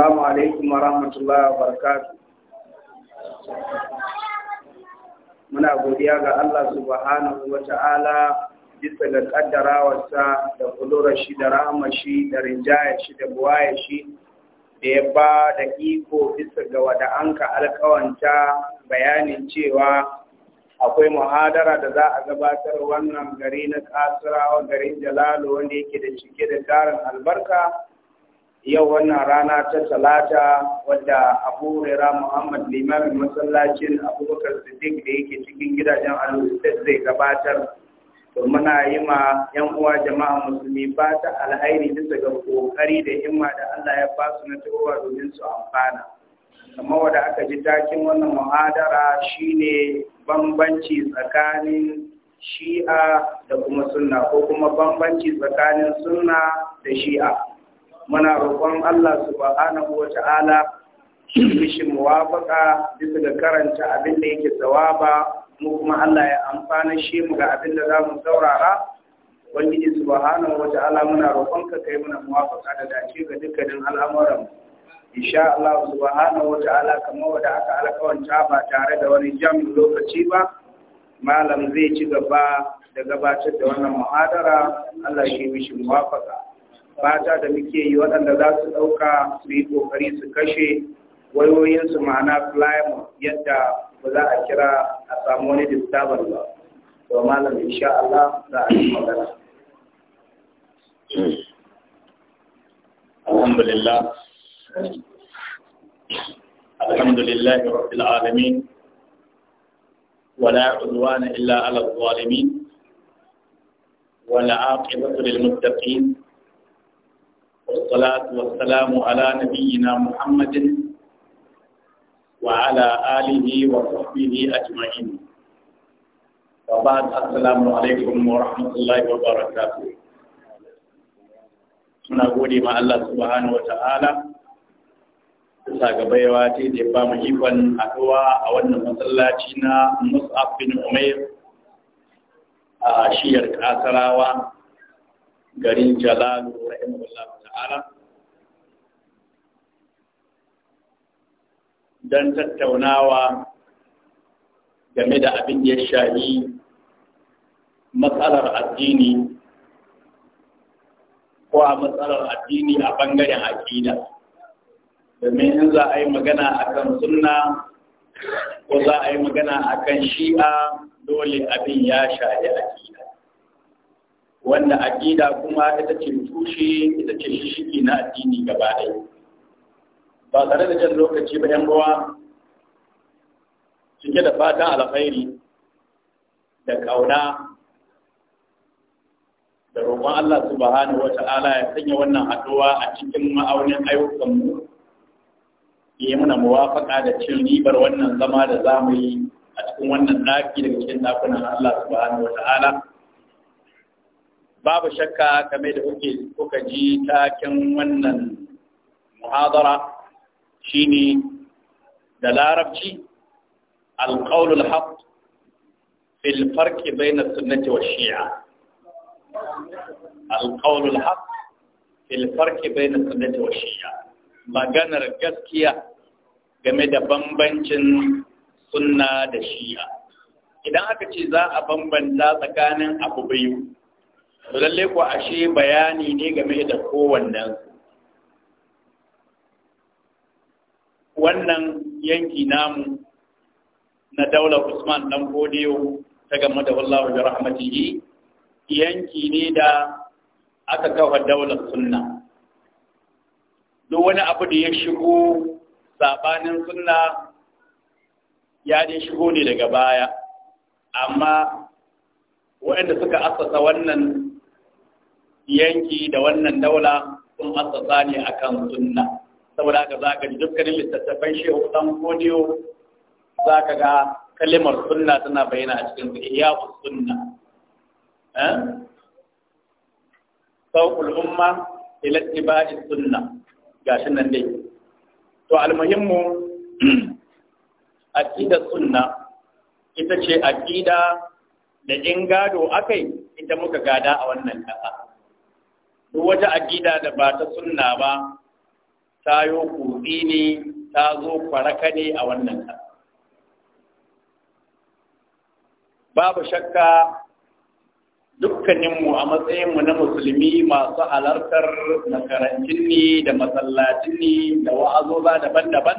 alaikum wa rahmatulah wa barakatu. muna godiya ga Allah subhanahu wa ta'ala bisa ga ƙaddarawarsa da kulura shi da rahama shi da rinjaya shi da buwaya shi da ya ba da iko bisa ga wada an ka alkawanta bayanin cewa akwai muhadara da za a gabatar wannan gari na kasirawa garin jalalu wanda yake da cike da tarin albarka yau wannan rana ta talata wadda abu rera muhammad limamin masallacin abubakar siddiq da yake cikin gidajen al'ustar zai gabatar to muna yi ma yan uwa jama'a musulmi ba ta alhairi bisa ga kokari da himma da allah ya ba su na tawowa domin su amfana kamar wadda aka ji takin wannan muhadara shine bambanci tsakanin shi'a da kuma sunna ko kuma bambanci tsakanin sunna da shi'a muna roƙon Allah subhanahu wa ta'ala shi muwafaka bisa ga karanta abin da yake tsawaba mu kuma Allah ya amfana shi mu ga abin da za mu saurara Ubangiji subhanahu wa ta'ala muna ka kai muna muwafaka da dace ga dukkanin al'amuran insha Allah subhanahu wa ta'ala kamar da aka alkawanta ba tare da wani jam lokaci ba malam zai ci gaba da gabatar da wannan muhadara Allah shi mishi muwafaka fata da muke yi waɗanda za su ɗauka su yi ƙoƙari su kashe wayoyinsu ma'ana flymo yadda ba za a kira a samu wani disturbance ba to malam insha Allah za a yi magana alhamdulillah alhamdulillah rabbil alamin ولا عدوان إلا على الظالمين ولا عاقبة للمتقين والصلاة والسلام على نبينا محمد وعلى آله وصحبه أجمعين وبعد السلام عليكم ورحمة الله وبركاته Suna gode ma Allah subhanahu wa ta'ala bisa ga baiwa ce da ba mu ikon haɗuwa a wannan masallaci na Mus'ab bin Umair a shiyar Kasarawa garin Jalalu rahimahullah ta'ala don tattaunawa game da abin da ya shahi matsalar addini ko a matsalar addini a bangaren aƙida domin in za a yi magana a kan sunna ko za a yi magana a kan shi'a dole abin ya shahi aƙida wanda aƙida kuma ita ce tushe ita ce shishiki na addini gaba ɗaya ba tare da jan lokaci ba yan bawa cike da fatan alkhairi da ƙauna da roƙon Allah subhanahu wa ya sanya wannan haɗuwa a cikin ma'aunin ayyukanmu ya yi muna muwafaƙa da cin ribar wannan zama da zamu yi a cikin wannan ɗaki daga cikin ɗakunan Allah subhanahu wa babu shakka kame da kuke kuka ji takin wannan muhadara shine da larabci alqaulul haqq fil farqi bayna sunnati wa shi'a alqaulul haqq fil farqi bayna sunnati wa shi'a maganar gaskiya game da bambancin sunna da shi'a idan aka ce za a bambanta tsakanin abu biyu to lalle ku ashe bayani ne game da kowannen wannan yanki namu na daular Usman dan Bodiyo ta game da wallahu bi rahmatihi yanki ne da aka kafa daular sunna duk wani abu da ya shigo sabanin sunna ya dai shigo ne daga baya amma waɗanda suka asasa wannan yanki da wannan daula sun asasa ne kan sunna saboda haka za ka ji dukkanin littattafan shehu ɗan kodiyo za ka ga kalimar sunna tana bayyana a cikin iya sunna sauƙul eh? umma ila tibai sunna shi nan dai to almuhimmu aqida sunna ita ce aqida da in gado akai ita muka gada a wannan ƙasa wata agida da ba ta sunna ba ta yi kutsi ne ta zo faraka ne a wannan ta babu shakka dukkaninmu a matsayinmu na musulmi masu halartar makarantun ne da masallacin ne da wa'azoza daban-daban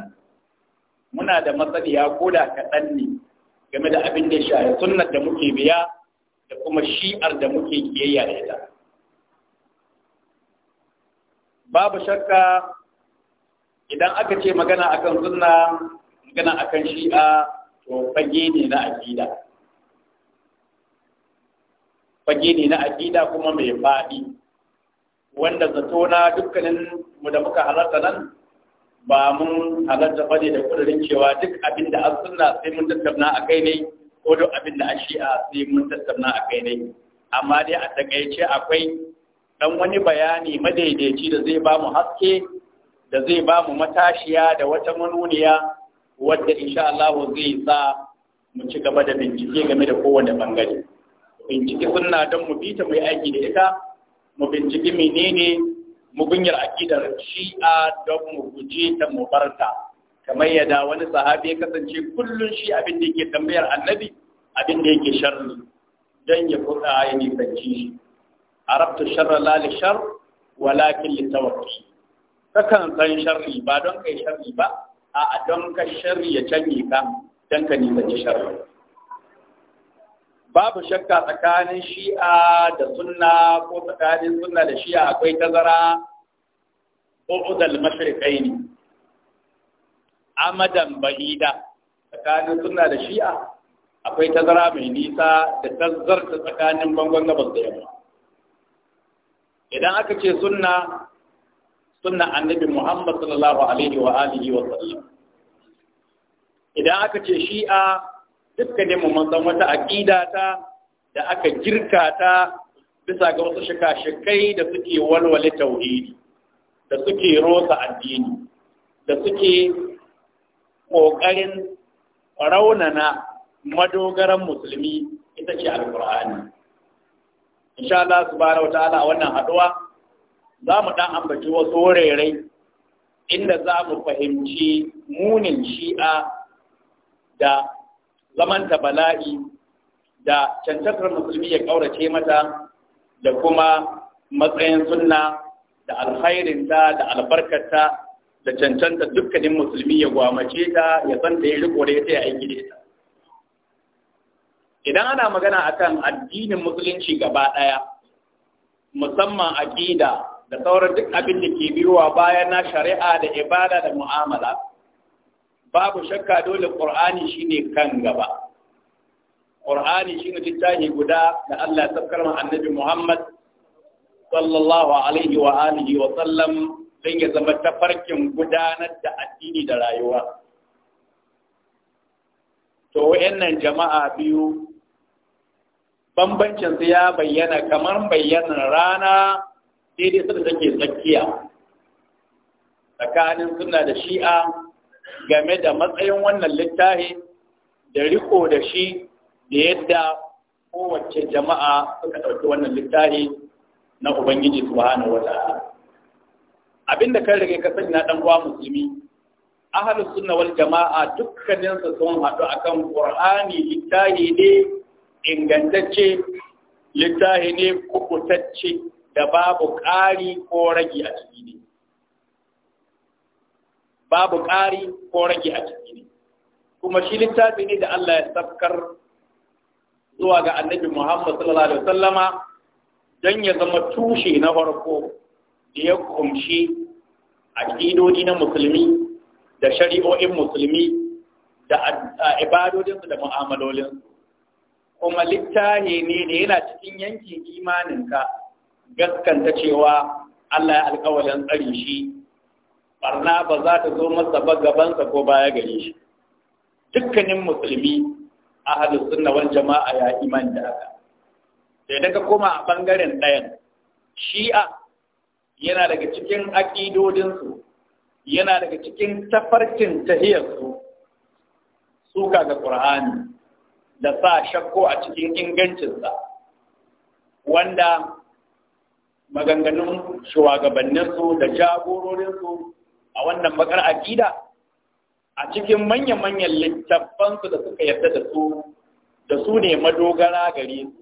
muna da matsaliya ko da kaɗan ne game da abin da shahi sunnar da muke biya da kuma shi'ar da muke kiyayya da ita babu shakka idan aka ce magana akan sunna magana akan shi'a to fage ne na aqida fage ne na aqida kuma mai faɗi wanda zato na dukkanin mu da muka halarta nan ba mun halarta bane da kudurin cewa duk abin da an sunna sai mun tattauna a kai ne ko duk abin da an shi'a sai mun tattauna a kai ne amma dai a takaice akwai dan wani bayani madaidaici da zai ba mu haske da zai ba mu matashiya da wata manuniya wadda insha Allah zai sa mu ci gaba da bincike game da kowane bangare bincike sunna don mu bi ta mu yi aiki da ita mu bincike menene mugunyar akidar shi'a don mu guje ta mu barta kamar yadda wani sahabi ya kasance kullun shi abin da yake tambayar annabi abin da yake sharri don ya fada ya nisanci shi arabtu sharra la li shar walakin li tawakki kakan san sharri ba don kai sharri ba a don ka sharri ya canye ka don ka nisanci sharri babu shakka tsakanin shi'a da sunna ko tsakanin sunna da shi'a akwai tazara ko bu'udal mashriqaini amadan ba'ida tsakanin sunna da shi'a akwai tazara mai nisa da tazzarta tsakanin bangon gabas da yamma idan aka ce sunna sunna annabi Muhammad sallallahu alaihi wa alihi wa sallam idan aka ce shi'a dukkanin mu mun wata aqida ta da aka girka ta bisa ga wasu shaka-shakai da suke walwale tauhidi da suke rosa addini da suke ƙoƙarin raunana madogaran musulmi ita ce alqur'ani insha Allah subhanahu wataala a wannan haduwa za mu dan ambaci wasu wurare inda za mu fahimci munin shi'a da zamanta bala'i da cancantar musulmi ya kaurace mata da kuma matsayin sunna da alkhairinta da albarkarta da cancanta dukkanin musulmi ya gwamace ta ya san da ya rikore ta ya aiki da ita idan ana magana akan addinin musulunci gaba ɗaya musamman aƙida da sauran duk abin da ke biyowa bayan na shari'a da ibada da mu'amala babu shakka dole ƙur'ani shine kan gaba ƙur'ani shine littafi guda da Allah ya sabkar annabi Muhammad sallallahu alaihi wa alihi wa sallam don ya zama tafarkin gudanar da addini da rayuwa to wayannan jama'a biyu bambancin ya bayyana kamar bayyana rana daidai su da take tsakiya tsakanin suna da shi'a game da matsayin wannan littafi da riko da shi da yadda kowace jama'a suka ɗauki wannan littafi na ubangiji su wata. Abin abinda kan rage ka na ɗan uwa musulmi ahlus sunna wal jamaa dukkaninsa sun haɗu akan qur'ani littafi ne ingantacce littafi ne kubutacce da babu ƙari ko rage a ciki ne babu ƙari ko rage a ciki ne kuma shi littafi ne da Allah ya safkar zuwa ga annabi Muhammad sallallahu alaihi wasallama don ya zama tushe na farko da ya kumshi aƙidodi na musulmi da shari'o'in musulmi da ibadodinsu da mu'amalolinsu kuma littahi ne da yana cikin yankin imaninka gaskanta cewa Allah ya alƙawarin tsari shi barna ba za ta zo masa ba gabansa ko baya gare shi dukkanin musulmi a sunna wal jama'a ya iman da haka sai daga koma a bangaren ɗayan shi'a yana daga cikin aƙidodinsu yana daga cikin tafarkin tahiyarsu suka ga ƙur'ani da sa shakko a cikin ingancinsa wanda maganganun shugabanninsu da jagororinsu a wannan bakar aƙida a cikin manya-manyan littattafansu da suka yarda da su da su ne madogara gare su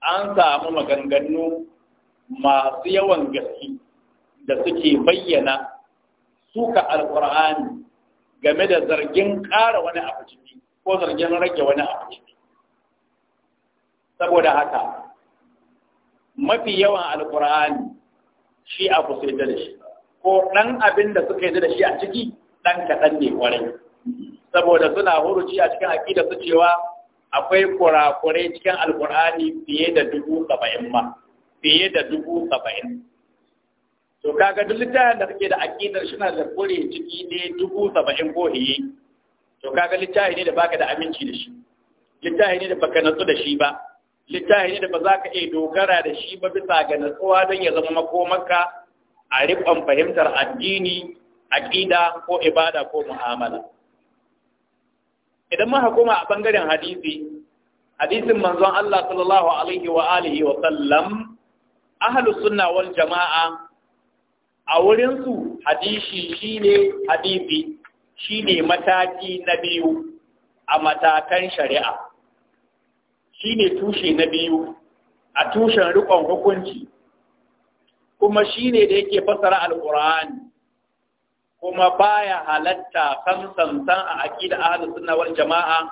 an samu maganganu masu yawan gaske da suke bayyana suka alkur'ani game da zargin ƙara wani abu cikin ko zargin rage wani abu saboda haka mafi yawan alkur'ani shi abu sai da shi ko ɗan abin da suka yi da shi a ciki ɗan kaɗan ne kwarai saboda suna huruci a cikin aƙida su cewa akwai kurakurai cikin alkur'ani fiye da dubu saba'in ma fiye da dubu saba'in to kaga duk littafin da suke da aƙidar suna da kure ciki ne dubu saba'in ko hiye to kaga littafi ne da baka da aminci da shi littafi ne da baka natsu da shi ba littafi ne da ba za ka iya dogara da shi ba bisa ga natsuwa don ya zama makomarka a riƙon fahimtar addini aƙida ko ibada ko mu'amala idan muka koma a bangaren hadisi hadisin manzon Allah sallallahu alaihi wa alihi wa sallam ahlus sunna wal jama'a a wurin su hadisi shine hadisi Shi ne mataki na biyu a matakan shari'a Shi ne tushe na biyu a tushen rikon hukunci kuma shi ne da yake fasara al’urani kuma baya halatta samsan a aƙida ahlus jama'a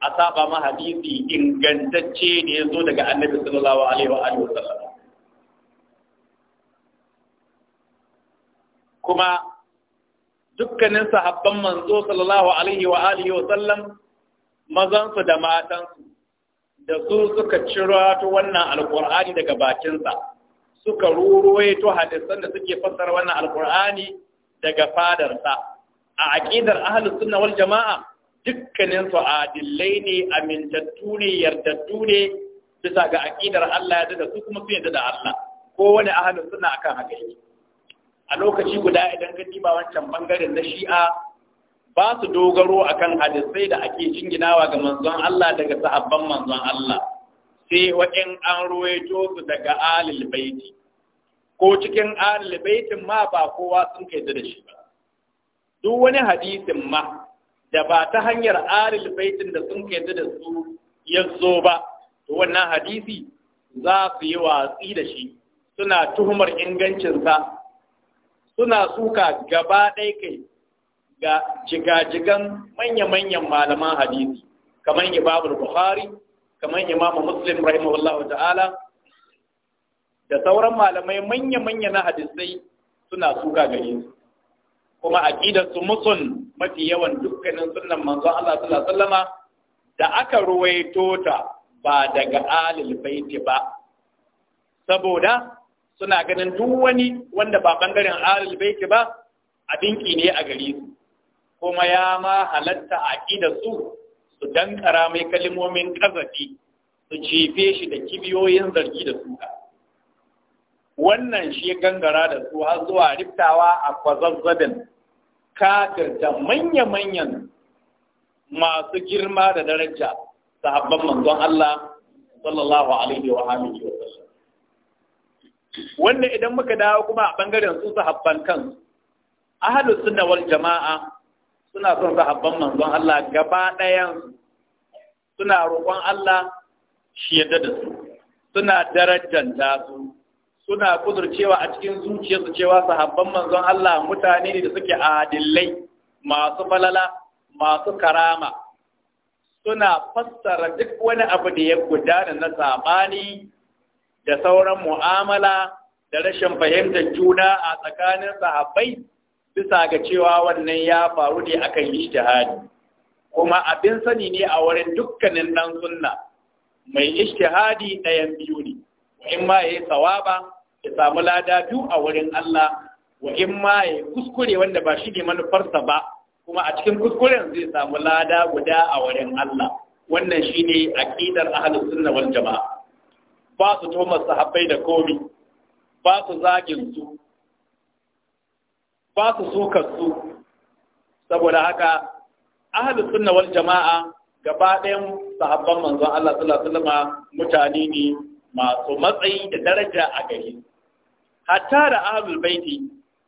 a saba ma hadisi ingantacce da ya zo daga annabi sallallahu alaihi alaiwa alihi kuma dukkanin sahabban manzo sallallahu alaihi wa alihi wa sallam mazansu da matansu da su suka cirato wannan alqur'ani daga bakinsa suka ruruwaito hadisan da suke fassara wannan alqur'ani daga fadarsa a aqidar ahlus sunna wal jama'a dukkanin su adillai ne amintattu ne yardattu ne bisa ga aqidar Allah ya da su kuma su da Allah ko wani ahlus sunna akan haka yake a lokaci guda idan ka diba wancan bangaren na shi'a ba su dogaro akan hadisai da ake jinginawa ga manzon Allah daga sahabban manzon Allah sai wa'in an ruwaito su daga alil baiti ko cikin alil baitin ma ba kowa sun kai da shi ba duk wani hadisin ma da ba ta hanyar alil baitin da sun kai da su ya zo ba to wannan hadisi za su yi watsi da shi suna tuhumar ingancinsa suna suka gaba ɗaya kai ga jigajigan manya-manyan malaman hadisi kamar imam buhari kamar mamu muslim Allah ta'ala da sauran malamai manya-manya na hadisai suna suka gare su kuma aqidar su musun mafi yawan dukkanin sunan manzo Allah sallallahu alaihi da aka ruwaito ta ba daga alil baiti ba saboda suna ganin duk wani wanda ba bangaren ahlul baiti ba abinki ne a gare su kuma ya ma halatta aqidar su su dankara mai kalmomin ƙazafi, su cife shi da kibiyoyin zargi da suka wannan shi gangara da su har zuwa riftawa a kwazazzabin kafirta manya-manyan masu girma da daraja sahabban manzon Allah sallallahu alaihi wa alihi wa sallam wannan idan muka dawo kuma a bangaren su sahabban kansu ahlus sunna wal jama'a suna son sahabban manzon Allah gaba ɗayan suna roƙon Allah shi yadda da su suna darajanta su suna kudurcewa a cikin zuciyarsu cewa sahabban manzon Allah mutane ne da suke adillai masu falala masu karama suna fassara duk wani abu da ya gudana na sabani da sauran mu'amala da rashin fahimtar juna a tsakanin sahabbai bisa ga cewa wannan ya faru ne akan ijtihadi kuma abin sani ne a wurin dukkanin dan sunna mai ijtihadi ɗayan biyu ne in ma yayi sawaba ya samu lada biyu a wurin Allah wa in ma yayi kuskure wanda ba shi ne manufarsa ba kuma a cikin kuskuren zai samu lada guda a wurin Allah wannan shine aqidar ahlus sunna wal jamaa ba su tuhumar sahabbai da komi ba su zagin su ba su sukar su saboda haka ahalin sunna wani jama'a gaba ɗayan sahabban manzon Allah sallallahu alaihi wasallam mutane ne masu matsayi da daraja a gari hatta da ahlul baiti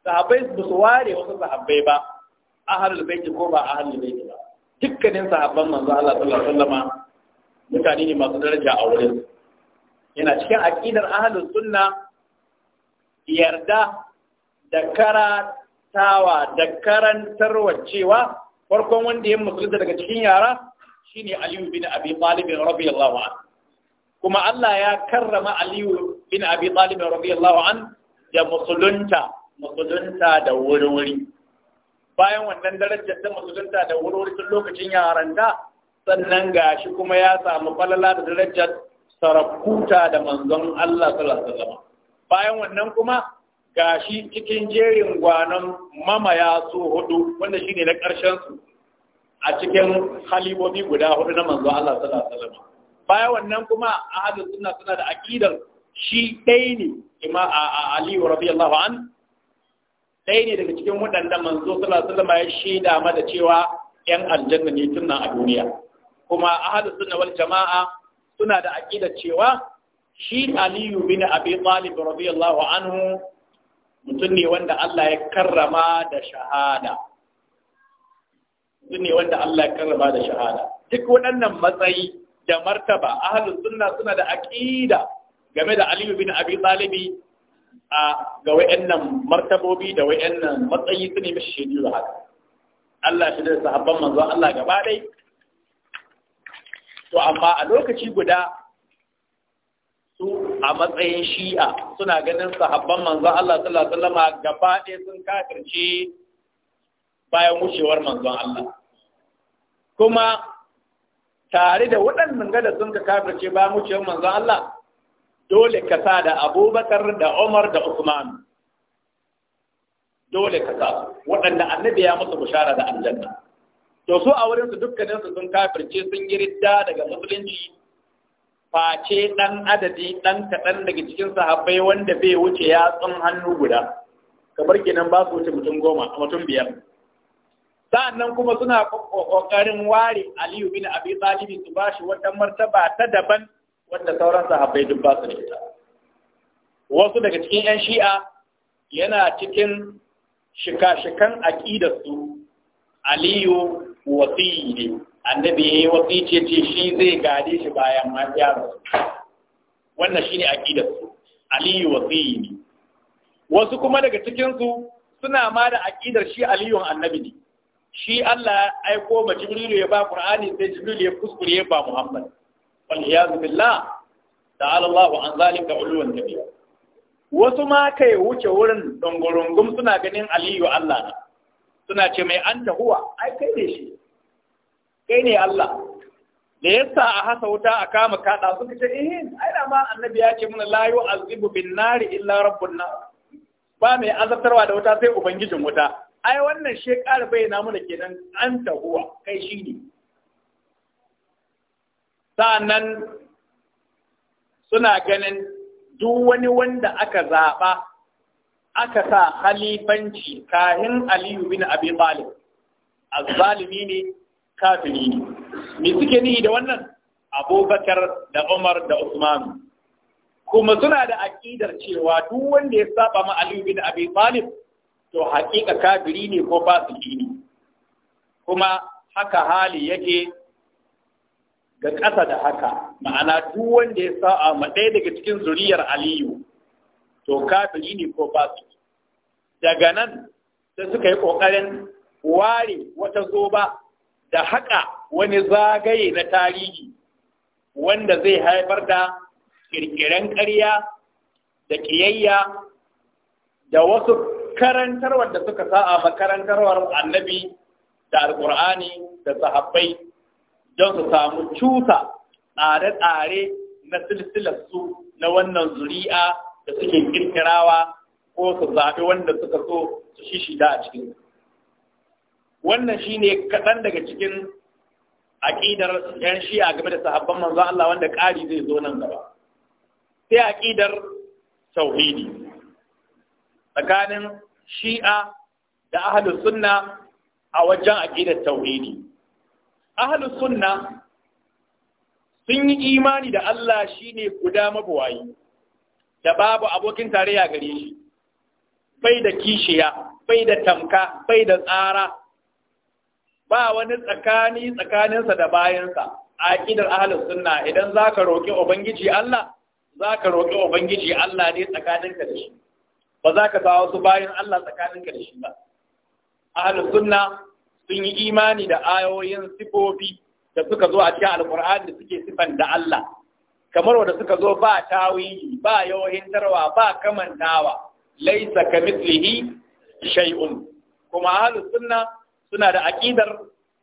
sahabbai ba su ware wasu sahabbai ba ahlul baiti ko ba ahlul baiti ba dukkanin sahabban manzon Allah sallallahu alaihi wasallam mutane ne masu daraja a wurin yana cikin aƙidar ahalin sunna yarda da karatawa da karantar cewa farkon wanda ya musulunta daga cikin yara shine Aliyu bin Abi Talib radiyallahu an kuma Allah ya karrama Aliyu bin Abi Talib radiyallahu an da musulunta musulunta da wuri-wuri bayan wannan darajar da musulunta da wuri-wuri tun lokacin yaranta sannan gashi kuma ya samu falala da darajar sarakuta da manzon Allah sallallahu alaihi wasallam bayan wannan kuma gashi cikin jerin gwanon mamaya su hudu wanda shine na ƙarshen su a cikin halibobi guda hudu na manzon Allah sallallahu alaihi wasallam bayan wannan kuma ahadu sunna suna da aqidar shi ɗaya ne kuma a Ali radiyallahu an dai ne daga cikin waɗanda manzo sallallahu alaihi wasallam ya shaida mada cewa 'yan aljanna ne tunan a duniya kuma ahadu sunna wal jama'a suna da aƙida cewa shi aliyu bin abi talib radiyallahu anhu mutum ne wanda Allah ya karrama da shahada mutum ne wanda Allah ya karrama da shahada duk waɗannan matsayi da martaba ahlus sunna suna da aƙida game da aliyu bin abi talibi a ga wayannan martabobi da wayannan matsayi su ne mishi shaidu da haka Allah shi da sahabban manzo Allah gaba dai to amma a lokaci guda su a matsayin shi'a suna ganin sahabban manzon Allah sallallahu alaihi wasallam gaba ɗaya sun kafirce bayan wucewar manzon Allah kuma tare da waɗannan gada sun ka kafirce bayan wucewar manzon Allah dole ka sa da abubakar da umar da usman dole ka sa waɗanda annabi ya musu bishara da aljanna to su a wurin wurinsu dukkaninsu sun kafirce sun yi ridda daga musulunci face dan adadi dan kaɗan daga cikin sahabbai wanda bai wuce yatsun hannu guda kamar kenan ba su wuce mutum goma a mutum biyar sa'annan kuma suna ƙoƙarin ware aliyu bin abi talibi su ba shi wata martaba ta daban wanda sauran sahabbai duk ba su da ita wasu daga cikin 'yan shi'a yana cikin shika-shikan su aliyu Wasiyi ne annabi yayi wasi ce ce shi zai gade shi bayan ma ya rasu wannan shi ne su aliyu wasiyi ne wasu kuma daga cikin su suna ma da aƙidar shi aliyun annabi ne shi Allah ya aiko ma jibrilu ya ba qur'ani sai jibrilu ya kuskure ya ba muhammad wal iyaz billah ta'ala Allah an zalika ulwan kabira wasu ma kai wuce wurin dongorongum suna ganin aliyu Allah ne suna ce mai an huwa ai kai ne shi kai ne Allah da yasa a hasa wuta a kama kada suka ce eh ai da ma annabi ya ce mana la yu'azibu bin nari illa rabbun nar ba mai azabtarwa da wuta sai ubangijin wuta ai wannan shi ƙara bayyana mana kenan An huwa kai shi ne sa'annan suna ganin duk wani wanda aka zaɓa aka sa halifanci kahin aliyu bin abi talib az-zalimi ne kafiri ne me suke ni da wannan abubakar da umar da usman kuma suna da aƙidar cewa duk wanda ya saba ma aliyu bin abi talib to haƙiƙa kafiri ne ko fasiki ne kuma haka hali yake ga ƙasa da haka ma'ana duk wanda ya saba ma ɗaya daga cikin zuriyar aliyu to kafiri ne ko fasik daga nan sai suka yi ƙoƙarin ware wata zoba da haƙa wani zagaye na tarihi wanda zai haifar da ƙirƙiren ƙarya da ƙiyayya da wasu karantarwar da suka sa'a makarantarwar annabi da alƙur'ani da sahabbai don su samu cusa tsare-tsare na silsilar su na wannan zuri'a da suke kirkirawa ko su zaɓi wanda suka so su shishida a cikin wannan shi ne kaɗan daga cikin aƙidar yan shi a game da sahabban manzo Allah wanda ƙari zai zo nan gaba sai aƙidar tauhidi tsakanin shi'a da ahlus sunna a wajen aƙidar tauhidi ahlus sunna sun yi imani da Allah shine guda mabuwayi da babu abokin tarayya gare shi bai da kishiya bai da tamka bai da tsara ba wani tsakani tsakaninsa da bayansa a aƙidar ahalin sunna idan za ka roƙi ubangiji Allah za ka roƙi ubangiji Allah ne tsakaninka da shi ba za ka kawo su bayan Allah tsakaninka da shi ba ahalin sunna sun yi imani da ayoyin sifofi da suka zo a cikin alƙur'ani da suke sifan da Allah kamar wanda suka zo ba tawili ba yawahintarwa ba kamantawa laisa kamithlihi shay'un kuma ahlus sunna suna da aqidar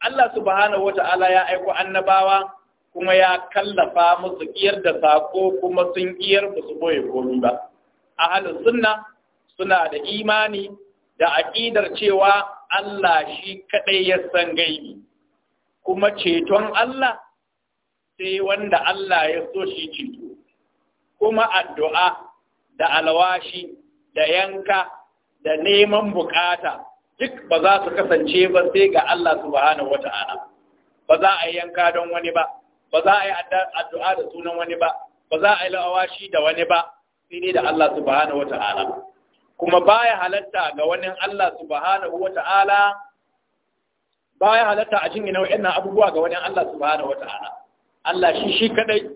Allah subhanahu wata'ala ya aiko annabawa kuma ya kallafa musu kiyar da sako kuma sun iyar musu boye komi ba ahlus sunna suna da imani da aqidar cewa Allah shi kadai ya san gaibi kuma ceton Allah sai wanda Allah ya so shi ceto kuma addu'a da alwashi da yanka da neman bukata duk ba za su kasance ba sai ga Allah subhanahu wata'ala ba za a yi yanka don wani ba ba za a yi addu'a da sunan wani ba ba za a yi alwashi da wani ba sai ne da Allah subhanahu wata'ala kuma baya halatta ga wani Allah subhanahu wata'ala baya halatta a jingina nau’in abubuwa ga wani Allah subhanahu wata'ala Allah shi shi kadai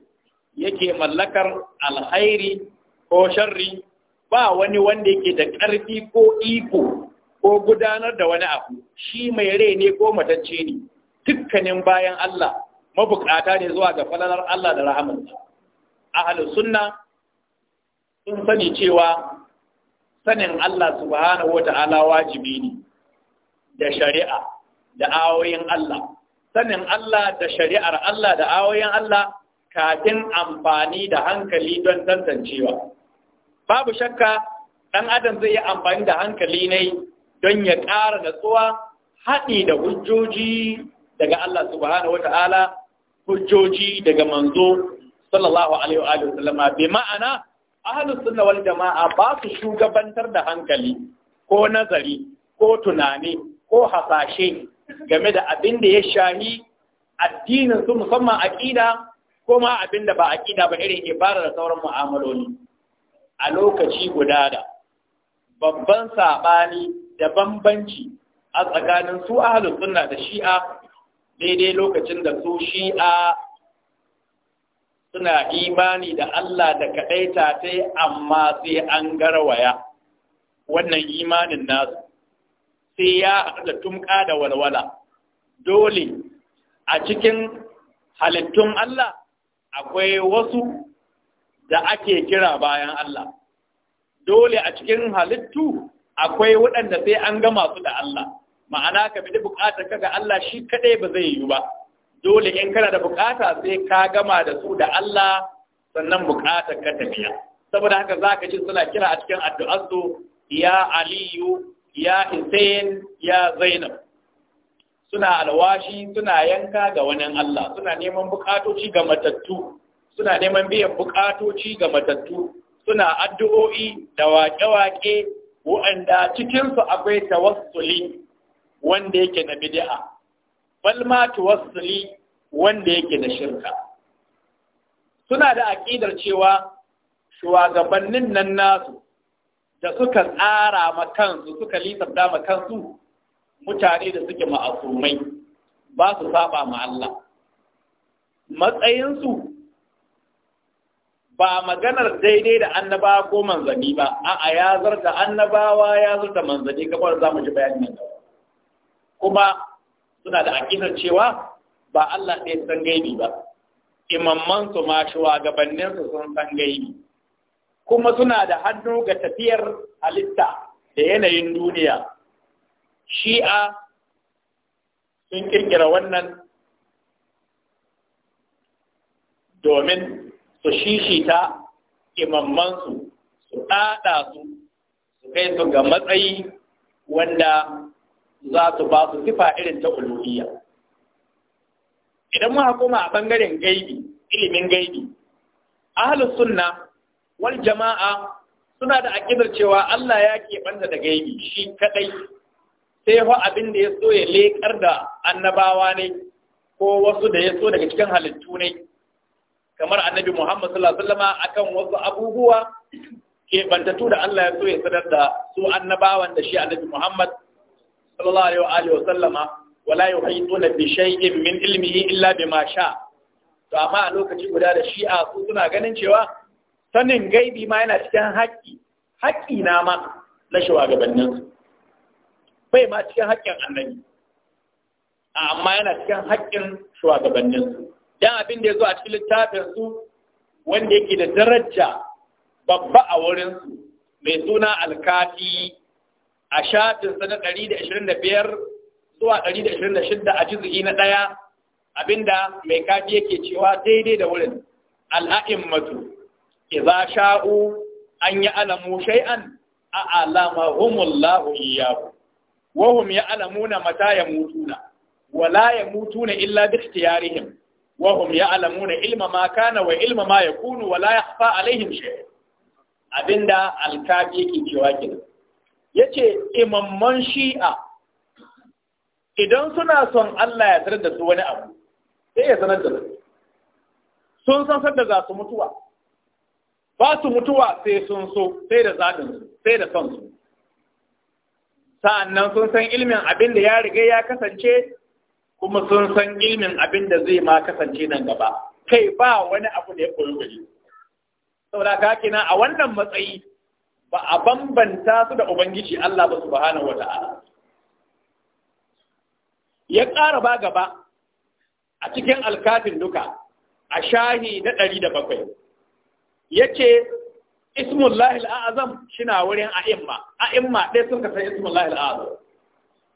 yake mallakar alkhairi ko sharri ba wani wanda yake da ƙarfi ko iko ko gudanar da wani abu shi mai rai ne ko matacce ne dukkanin bayan Allah mabukata ne zuwa ga falalar Allah da rahamansa ahlus sunna sun sani cewa sanin Allah subhanahu wata'ala wajibi ne da shari'a da ayoyin Allah sanin Allah da shari'ar Allah da awoyin Allah kafin amfani da hankali don tantancewa. Babu shakka ɗan adam zai yi amfani da hankali ne don ya ƙara tsuwa haɗi da hujjoji daga Allah subhanahu wa ta'ala, hujjoji daga manzo sallallahu alaihi wa sallama. Bi ma'ana, ahalus suna wani jama'a ba su shugabantar da hankali ko nazari ko tunani ko hasashe game da abin da ya shahi addinin su musamman aƙida ko ma abin da ba aƙida ba irin ibara da sauran mu'amaloli a lokaci guda da babban saɓani da bambanci a tsakanin su ahalus suna da shi'a daidai lokacin da su shi'a suna imani da Allah da kaɗaita ta amma sai an garwaya wannan imanin nasu sai ya haɗu da tumka da walwala dole a cikin halittun Allah akwai wasu da ake kira bayan Allah dole a cikin halittu akwai waɗanda sai an gama su da Allah ma'ana ka bi buƙatar ka ga Allah shi kaɗai ba zai yi ba dole in kana da buƙata sai ka gama da su da Allah sannan buƙatar ka tafiya saboda haka zaka ji suna kira a cikin addu'arsu ya aliyu ya Hussein ya Zainab suna alwashi suna yanka ga wani Allah suna neman bukatoci ga matattu suna neman biyan bukatoci ga matattu suna addu'o'i da waƙe-waƙe waɗanda cikinsu akwai tawassuli wanda yake na bid'a bal ma tawassuli wanda yake na shirka suna da aƙidar cewa shugabannin nan nasu da suka tsara ma kansu suka lisafta ma kansu mutane da suke ma'asumai ba su saba ma Allah matsayinsu ba maganar daidai da annaba ko manzanni ba a'a ya zarta annabawa ya zarta manzanni kamar za mu ji bayanin nan kuma suna da aƙidar cewa ba Allah ɗaya san gaibi ba imamman su ma shuwagabanninsu su sun san gaibi kuma suna da hannu ga tafiyar halitta da yanayin duniya shi'a sun kirkira wannan domin su shishita imammansu su ɗaɗa su su kai su ga matsayi wanda za su ba su sifa irin ta uluhiyya idan muka koma a ɓangaren gaibi ilimin gaibi ahlus sunna wal jama'a suna da aqidar cewa Allah ya keɓanta da gaibi shi kaɗai sai fa abin da ya so ya leƙar da annabawa ne ko wasu da ya so daga cikin halittu ne kamar annabi Muhammad sallallahu alaihi wasallama akan wasu abubuwa keɓantatu da Allah ya so ya sadar da su annabawan da shi annabi Muhammad sallallahu alaihi wa sallama wala yuhituna bi shay'in min ilmihi illa bima sha to amma a lokaci guda da shi'a su suna ganin cewa sanin gaibi ma yana cikin haƙƙi haƙƙi na ma na shugabannin su bai ma cikin haƙƙin annabi amma yana cikin haƙƙin shugabannin su dan abin da ya zo a cikin littafin su wanda yake da daraja babba a wurin su mai suna alkafi a shafinsa na 125 zuwa 126 a jizgi na ɗaya abinda mai kafi yake cewa daidai da wurin matu idza sha'u an ya'lamu shay'an a'lamahumullahu iyyahu wa hum ya'lamuna mata yamutuna wa la yamutuna illa bi ikhtiyarihim wa hum ya'lamuna ilma ma kana wa ilma ma yakunu wa la yakhfa alaihim abinda yace imamman shi'a idan suna son Allah ya sanar da su wani abu sai ya sanar da su sun san sanda za su mutuwa ba su mutuwa sai sun so sai da zaɗinsu sai da sonsu sa'annan sun san ilmin abin da ya riga ya kasance kuma sun san ilmin abin da zai ma kasance nan gaba kai ba wani abu da ya koyo sau da ka kina a wannan matsayi ba a bambanta su da ubangiji Allah ba subhanahu wata'ala ya ƙara ba gaba a cikin alkafin duka a shahi na ɗari da bakwai yace ismullahi al'azam shina wurin a'imma a'imma dai sun ka san ismullahi al'azam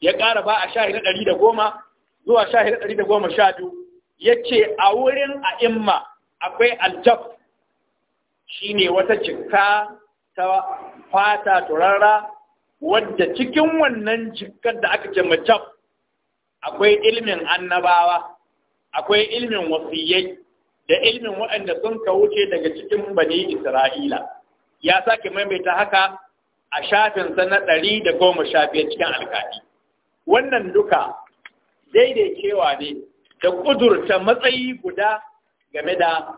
ya ƙara ba a shahi na ɗari da goma zuwa shahi na ɗari da goma sha biyu ce a wurin a'imma akwai aljab shine wata cikka ta fata turarra wadda cikin wannan cikar da aka ce macam akwai ilmin annabawa akwai ilmin wasiyai da ilmin waɗanda sun ka wuce daga cikin bani Isra'ila. Ya sake maimaita haka a shafinsa na ɗari da goma sha cikin alkaɗi. Wannan duka daidai daidaicewa ne da ƙudurta matsayi guda game da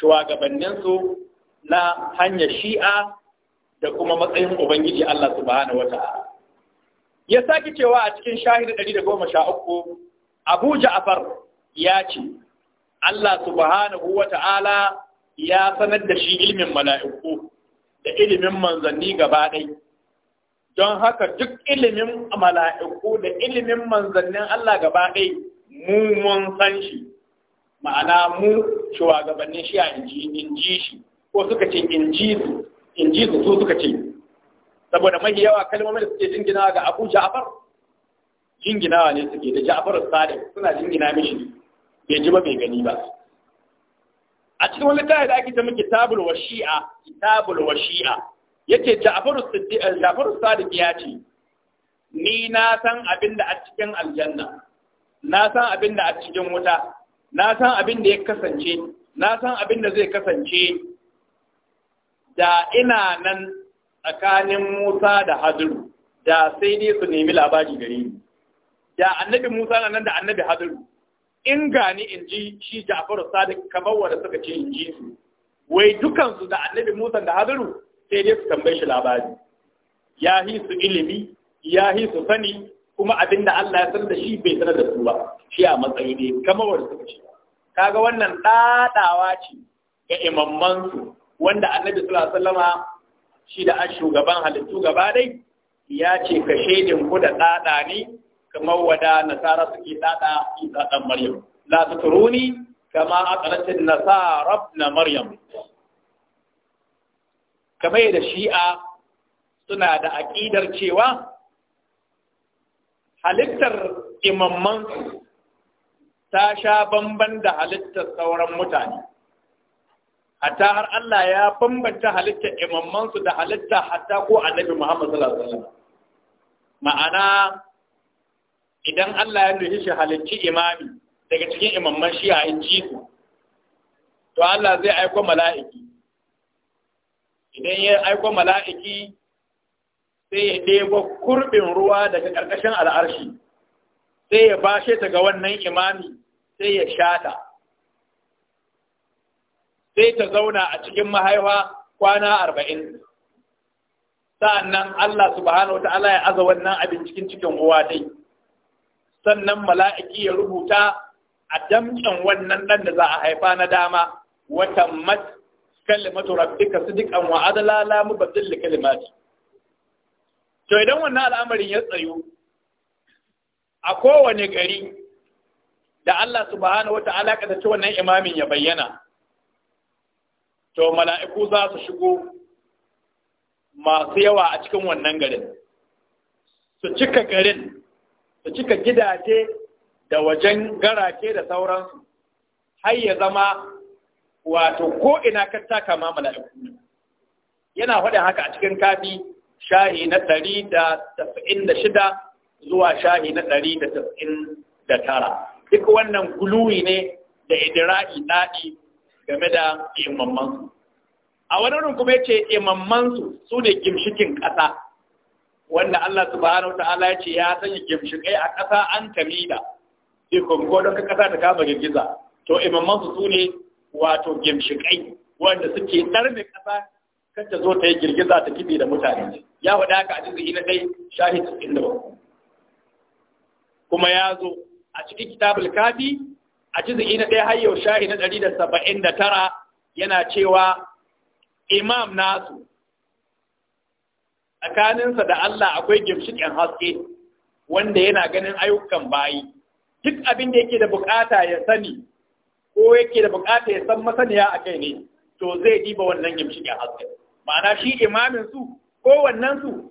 shugabanninsu na hanya shi'a da kuma matsayin Ubangiji Allah subhanahu wata. Ya sake cewa a cikin shahin ɗari da goma sha uku, Abu Ja'far ya ce, Allah subhanahu wa ta'ala ya sanar da shi ilimin mala'iku da ilimin manzanni gaba ɗai. Don haka duk ilimin mala'iku da ilimin manzannin Allah gaba ɗai mu mun san shi, ma'ana mu gabanin shi a inji shi, ko suka ce inji su, inji su su suka ce. Saboda mahi yawa kalmomin da suke jinginawa ga Abu Ja'far, jinginawa ne suke da Ja'far Sadiq suna jingina mishi bai ji ba bai gani ba a cikin wani littafi da ake ta miki tabul wa shi'a tabul wa shi'a yace Ja'faru eh, Ja'faru Sadiq ya ce ni na san abin da a cikin aljanna na san abin da a cikin wuta na san abin da ya kasance na san abin da zai kasance da ina nan tsakanin Musa da Hadiru da sai dai su nemi labari gare ni da annabi Musa na nan da annabi Hadiru in gani in ji shi Ja'faru Sadiq kamar wanda suka ce in ji su wai dukansu da Annabi Musa da Hadiru sai dai su tambaye shi labari ya hi su ilimi ya hi su sani kuma abinda Allah ya san da shi bai sanar da su ba shi a matsayi ne kamar wanda suka ce kaga wannan dadawa ce ga imamman su wanda Annabi sallallahu alaihi wasallama shi da shugaban halittu gaba dai ya ce ka shaidin ku da dada ne kamar wada nasara suke dada isa dan maryam la turuni. kama aqalatin nasara ibn maryam kamar da shi'a suna da aqidar cewa halittar imamman ta sha bamban da halittar sauran mutane hatta har Allah ya bambanta halittar imamman su da halitta hatta ko annabi Muhammad sallallahu alaihi wasallam ma'ana idan Allah ya nufi shi halicci imami daga cikin imamman shi a yin su to Allah zai aiko mala'iki idan ya aiko mala'iki sai ya ɗebo kurbin ruwa daga ƙarƙashin al'arshi sai ya bashe ta ga wannan imami sai ya shata sai ta zauna a cikin mahaifa kwana arba'in sa'annan Allah hana wata ta'ala ya aza wannan abin cikin cikin uwa dai sannan mala'iki ya rubuta a damcin wannan ɗan da za a haifa na dama watan mat kalimatu rabbika sidqan wa adla la mubaddil li kalimati to idan wannan al'amarin ya tsayo a kowane gari da Allah subhanahu wata'ala ka tace wannan imamin ya bayyana to mala'iku za su shigo masu yawa a cikin wannan garin su cika garin Da cika gidaje da wajen garake da sauransu har ya zama wato ko'ina ina ka taka ma yana faɗin haka a cikin kafi shahi na ɗari da da shida zuwa shahi na ɗari da da tara duk wannan guluwi ne da idira'i ɗaɗi game da imammansu a wani kuma ya ce imammansu su ne gimshikin ƙasa wanda Allah subhanahu ta'ala ya ce ya sanya gimshikai a ƙasa an tamida sai kuma don ka ƙasa ta kama girgiza to imaman su sune wato gimshikai wanda suke ɗarme ƙasa kar ta zo ta yi girgiza ta kibe da mutane ya faɗa ka a cikin na dai shahid cikin da kuma ya zo a cikin kitabul kafi a cikin na dai har yau shahi na ɗari da saba'in da tara yana cewa imam nasu tsakaninsa da Allah akwai gimshiƙin haske wanda yana ganin ayyukan bayi duk abin da yake da bukata ya sani ko yake da bukata ya san masaniya a kai ne to zai diba wannan gimshiƙin haske ma'ana shi imamin su ko wannan su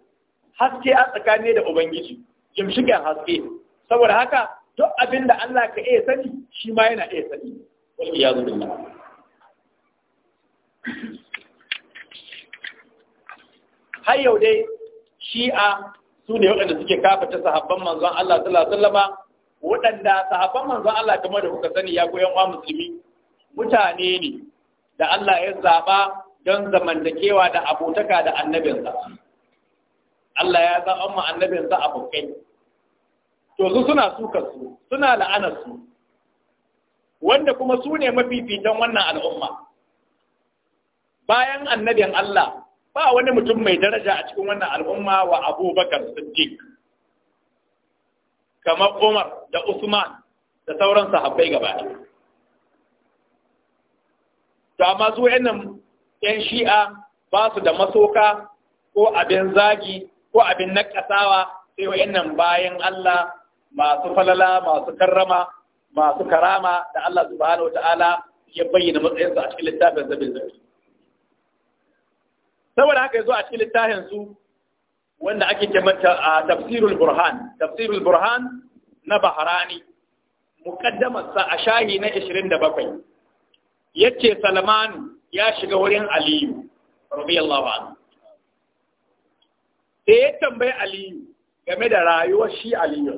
haske a tsakani da ubangiji gimshiƙin haske saboda haka duk abin da Allah ka iya sani shi ma yana iya sani wal har yau dai shi'a su ne waɗanda suke kafata sahabban manzon Allah sallallahu alaihi waɗanda sahabban manzon Allah kamar da kuka sani ya goyon wa musulmi mutane ne da Allah ya zaba don zamantakewa da abotaka da annabinsa Allah ya zaba mu annabinsa abokai to su suna suka su suna la'anar su wanda kuma su ne mafifitan wannan al'umma bayan annabin Allah ba wani mutum mai daraja a cikin wannan al'umma wa abubakar siddiq kamar umar da usman da sauran sahabbai gaba to amma su yan shi'a ba su da masoka ko abin zagi ko abin nakasawa sai wayannan bayan Allah masu falala masu karrama masu karama da Allah subhanahu wataala ya bayyana matsayinsu a cikin littafin zabin zabi saboda haka yazo a cikin littafin su wanda ake ce a tafsirul burhan tafsirul burhan na bahrani muqaddamarsa a shayi na 27 yace salmanu ya shiga wurin aliyu radiyallahu anhu sai ya tambayi aliyu game da rayuwar shi aliyu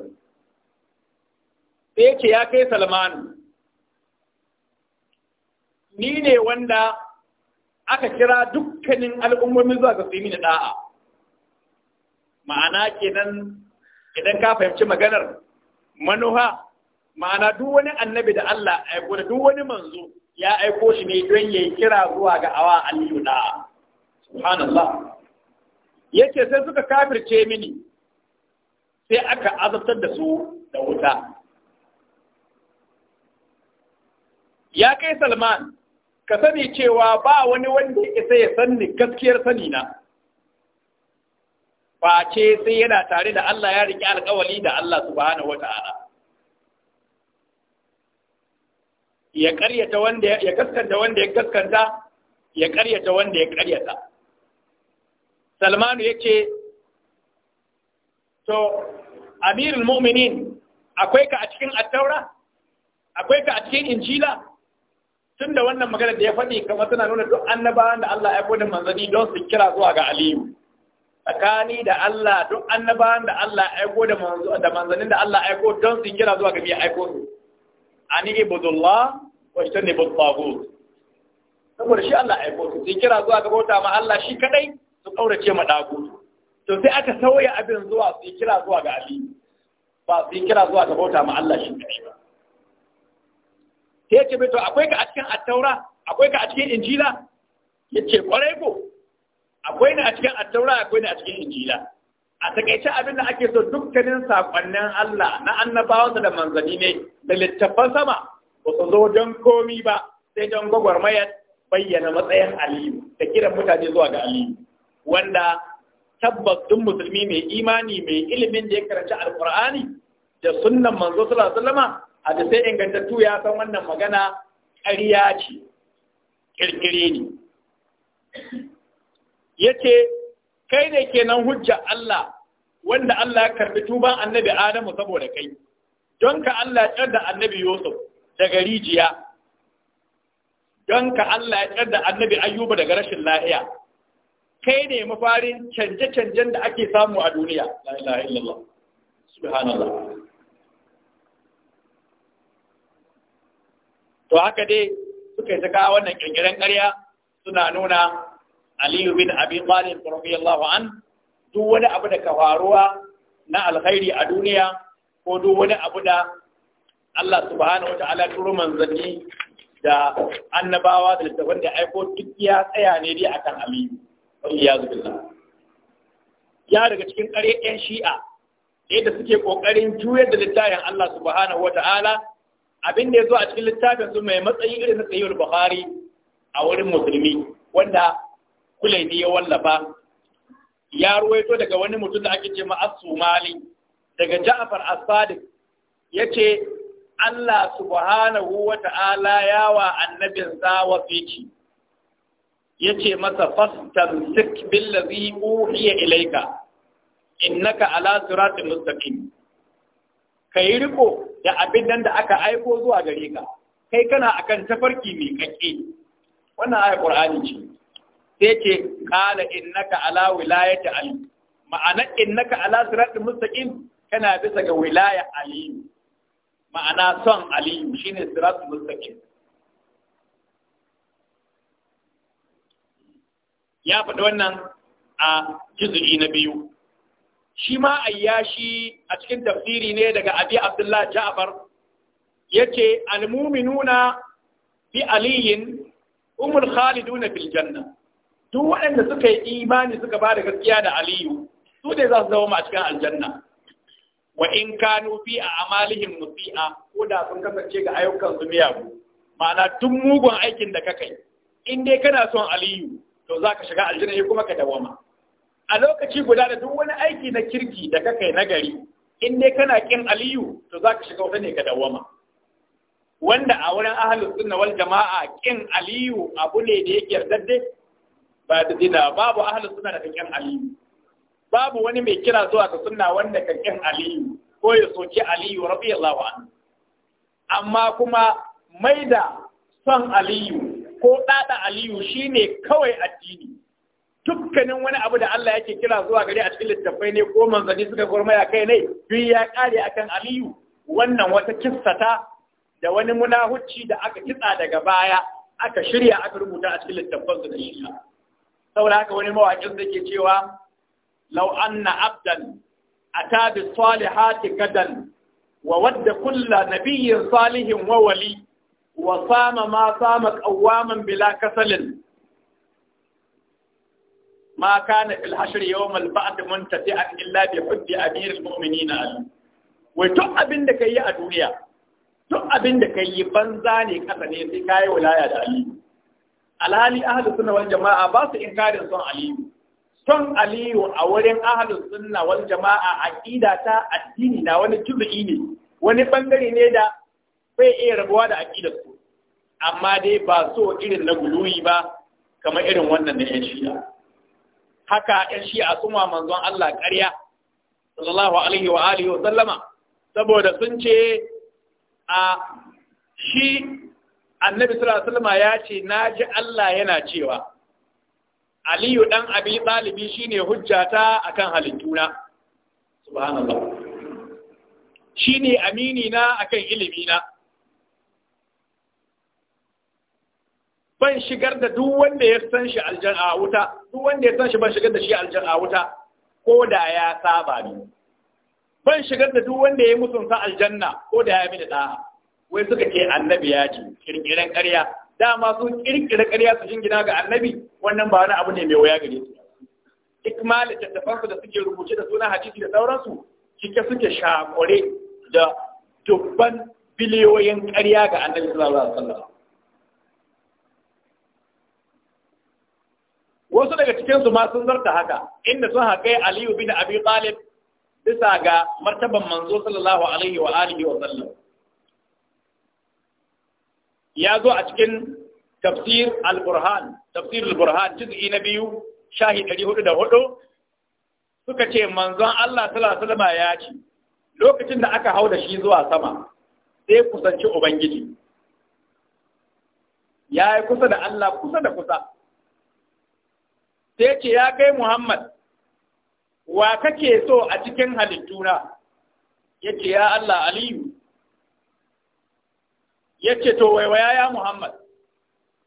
sai ya ce ya kai salmanu ni ne wanda aka kira dukkanin al'ummomin zuwa ga tsimi da ma'ana kenan idan ka fahimci maganar manuha ma'ana duk wani annabi da Allah aiko da duk wani manzo ya aiko shi ne don ya kira zuwa ga awa aliyu ɗa’a subhanallah yake sai suka kafirce mini sai aka azabtar da su da wuta ya kai salman ka sani cewa ba wani wanda isa ya ni gaskiyar sani na face sai yana tare da Allah ya riƙe alƙawali da Allah subhanahu wata'ala ya ƙaryata wanda ya gaskanta wanda ya gaskanta ya ƙaryata wanda ya ƙaryata Salmanu yake to Amirul Mu'minin akwai ka a cikin Attaura akwai ka a cikin Injila tun da wannan magana da ya faɗi kamar tana nuna duk annabawan da Allah ya da manzanni don su kira zuwa ga Aliyu tsakani da Allah duk annabawan da Allah ya aiko da manzannin da Allah ya aiko don su kira zuwa ga mai aiko su ani ibudullah wa ijtanibu taghut saboda shi Allah ya aiko su su kira zuwa ga bauta ma Allah shi kadai su kaurace ma dagu to sai aka sauya abin zuwa su kira zuwa ga Aliyu ba su kira zuwa ga bauta ma Allah shi kadai ba sai ya ce to akwai ka a cikin attaura akwai ka a cikin injila ya ce kwarai ko akwai ni a cikin attaura akwai ni a cikin injila a takaice abin da ake so dukkanin sakonnin Allah na annabawansa da manzanni ne da littafan sama ba su zo don komi ba sai don gwagwarmayar bayyana matsayin aliyu da kiran mutane zuwa ga aliyu wanda tabbas duk musulmi mai imani mai ilimin da ya karanci alkur'ani da sunnan manzo sallallahu alaihi wasallama a da sai ingantattu ya san wannan magana ƙariya ce ƙirƙire ne ya ce kai ne kenan hujja Allah wanda Allah ya karbi tuban annabi Adamu saboda kai don ka Allah ya da annabi Yusuf daga rijiya don ka Allah ya da annabi Ayuba daga rashin lahiya kai ne mafarin canje-canjen da ake samu a duniya la to haka dai suka yi ta wannan kyangiren ƙarya suna nuna aliyu bin abi talib radiyallahu an duk wani abu da ka faruwa na alkhairi a duniya ko duk wani abu da Allah subhanahu wataala turo manzanni da annabawa da littafin da aiko duk ya tsaya ne dai akan aliyu ya daga cikin ƙarya ƴan shi'a da suke ƙoƙarin juyar da littafin Allah subhanahu wataala abin da ya zo a cikin littafin su mai matsayi irin na tsayiwar bukhari a wurin musulmi wanda kulaini ya wallafa ya ruwaito daga wani mutum da ake ce ma as-sumali daga ja'far as-sadiq yace Allah subhanahu wa ta'ala yawa annabinsa Ya yace masa fastamsik billazi uhiya ilayka innaka ala siratin mustaqim ka yi riko da abin nan da aka aiko zuwa gare ka kai kana akan tafarki mai kake wannan ayat qur'ani ce sai ce qala innaka ala wilayati ali ma'ana innaka ala siratin mustaqim kana bisa ga wilaya ali ma'ana son ali shine siratul mustaqim ya faɗi wannan a juz'i na biyu shi ma ayyashi a cikin tafsiri ne daga abi abdullah ja'far yace almu'minuna bi aliyin umul khaliduna fil janna duk waɗanda suka yi imani suka ba da gaskiya da aliyu su ne za su zama a cikin aljanna wa in kanu fi a amalihim musi'a ko da sun kasance ga ayyukan su miyagu ma'ana duk mugun aikin da ka kai in dai kana son aliyu to za ka shiga aljanna kuma ka dawama a lokaci guda da duk wani aiki na kirki da ka na nagari in dai kana kin aliyu to za ka shiga wata ne ka wanda a wurin ahalu sunna wal jama'a kin aliyu abu ne da yake yardadde ba da dina babu ahalu sunna da kin aliyu babu wani mai kira zuwa ga sunna wanda ka kin aliyu ko ya soki aliyu radiyallahu anhu amma kuma maida son aliyu ko dada aliyu shine kawai addini dukkanin wani abu da Allah yake kira zuwa gari a cikin littattafai ne ko manzanni suka gurmaya kai ne duk ya kare akan Aliyu wannan wata kissa ta da wani munahucci da aka kitsa daga baya aka shirya aka rubuta a cikin littattafan su da shi saboda haka wani mawaƙin da ke cewa law anna abdan ata bi salihati kadan wa wadda kulla nabiyyin salihin wa wali wa sama ma sama qawaman bila kasalin ma kana fil hashr yawm al ba'd muntafi'an illa bi hubbi amir al mu'minin ali wai duk abin da kai a duniya duk abin da kai banza ne kasa ne sai kai wilaya da ali alhali ahlus sunna wal jama'a ba su inkarin son ali son ali a wurin ahlus sunna wal jama'a aqida ta addini na wani juz'i ne wani bangare ne da bai iya rabuwa da aqidar su amma dai ba so irin na guluyi ba kamar irin wannan na yan shi'a haka 'yan shi a suma manzon Allah ƙarya sallallahu alaihi wa alihi wa sallama saboda sun ce a shi annabi sallallahu alaihi wa ya ce na ji Allah yana cewa aliyu ɗan abi ɗalibi shine hujjata akan halittuna subhanallah shine amini na akan ilimi na ban shigar da duk wanda ya san shi aljanna wuta duk wanda ya san shi ban shigar da shi aljanna wuta ko da ya saba ni ban shigar da duk wanda ya musun sa aljanna ko da ya mini da'a wai suka ce annabi ya ce ƙirƙiran ƙarya dama su ƙirƙirar ƙarya su jingina ga annabi wannan ba wani abu ne mai waya gare su da littattafansu da suke rubuce da sunan hadisi da sauransu cike suke shakure da dubban biliyoyin ƙarya ga annabi sallallahu alaihi wasallam wasu daga cikinsu ma sun zarta haka inda sun haƙai aliyu bin abi talib bisa ga martaban manzo sallallahu alaihi wa alihi wa sallam ya zo a cikin tafsir al-burhan tafsir al-burhan juz'i na biyu shahi 404 suka ce manzon Allah sallallahu alaihi wa sallam ya ce lokacin da aka hau da shi zuwa sama sai kusanci ubangiji ya yi kusa da Allah kusa da kusa sai ce ya kai Muhammad wa kake so a cikin halittuna yace ya Allah Aliyu yace to waiwaya ya Muhammad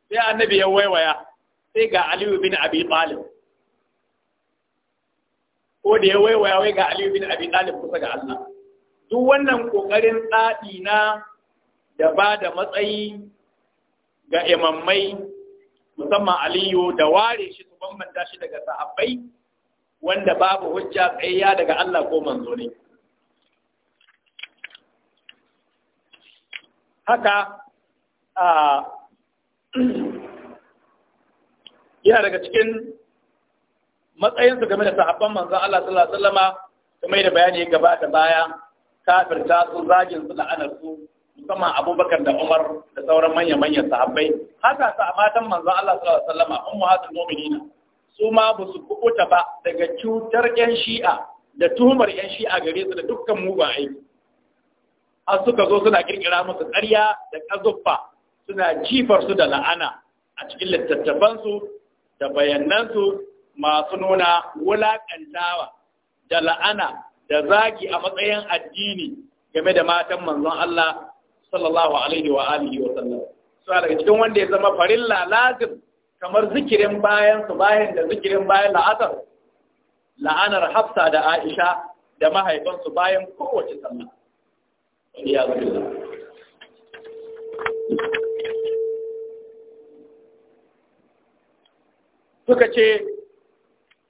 sai annabi ya waiwaya sai ga Aliyu bin Abi Talib ko da ya waiwaya wai ga Aliyu bin Abi Talib kusa ga Allah duk wannan kokarin tsadi na da ba da matsayi ga imammai musamman aliyu da ware shi su bambanta shi daga sahabbai wanda babu hujja tsayayya daga Allah ko manzo ne haka a yana daga cikin matsayinsu game da sahabban manzon Allah sallallahu alaihi wasallama kuma da bayani gaba da baya kafirta su zagin su la'anar su musamman abubakar da umar da sauran manya-manyan sahabbai haka sa matan manzo Allah sallallahu alaihi wasallam ummu hatul mu'minina su ma ba su kubuta ba daga cutar yan shi'a da tuhumar yan shi'a gare su da dukkan mugun aiki har suka zo suna kirkira musu ƙarya da ƙazuffa suna jifar su da la'ana a cikin littattafansu da bayanansu masu nuna wulaƙantawa da la'ana da zagi a matsayin addini game da matan manzon Allah sallallahu alaihi wa alihi wa sallam suna daga cikin wanda ya zama farilla lazim kamar zikirin bayan su bayan da zikirin bayan la'asar la'anar hafsa da aisha da mahaifansu bayan kowace sallah ya zuwa suka ce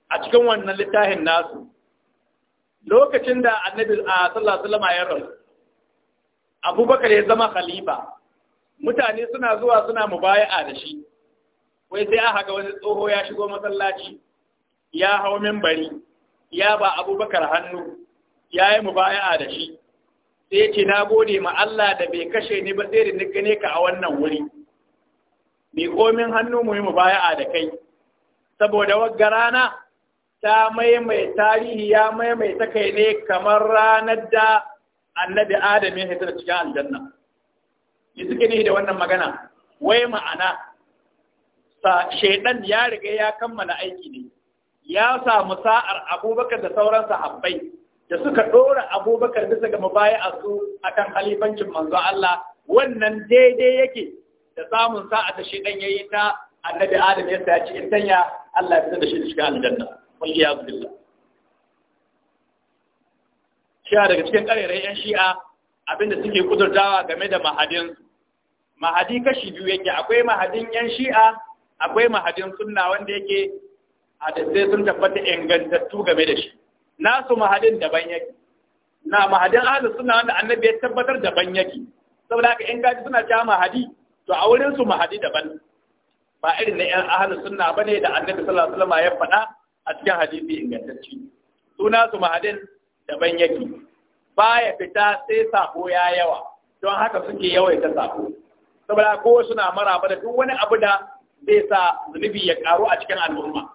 a cikin wannan littafin nasu lokacin da annabi a sallallahu alaihi wa sallam ya rasu abubakar ya zama khalifa mutane suna zuwa suna mubaya'a da shi wai sai aka ga wani tsoho ya shigo masallaci ya hau minbari ya ba abubakar hannu ya yi mubaya'a da shi sai ya ce na gode ma Allah da bai kashe ni ba sai da ni gane ka a wannan wuri mai komin hannu mu yi mubaya'a da kai saboda wagga rana ta maimaita tarihi ya maimaita kai ne kamar ranar da annabi adam ya hita da cikin aljanna ni suke ne da wannan magana wai ma'ana sa ya riga ya kammala aiki ne ya samu sa'ar abubakar da sauran sahabbai da suka dora abubakar bisa ga baya su akan halifancin manzo Allah wannan daidai yake da samun sa'a da shaidan yayi ta annabi adam ya sa ya ci in tanya Allah ya fita da shi cikin aljanna kulli ya billah shiya daga cikin ƙarerayen 'yan shi'a abinda suke kudurtawa game da mahadin mahadi kashi biyu yake akwai mahadin 'yan shi'a akwai mahadin sunna wanda yake hadisai sun tabbata ingantattu game da shi nasu mahadin daban yake na mahadin ahlus sunna wanda annabi ya tabbatar daban yake saboda haka in gaji suna cewa mahadi to a wurin su mahadi daban ba irin na 'yan ahlus sunna bane da annabi sallallahu alaihi wasallam ya faɗa a cikin hadisi ingantacci suna su mahadin daban yake baya fita sai sako ya yawa don haka suke yawaita sako saboda ko suna maraba da duk wani abu da zai sa zunubi ya karu a cikin al'umma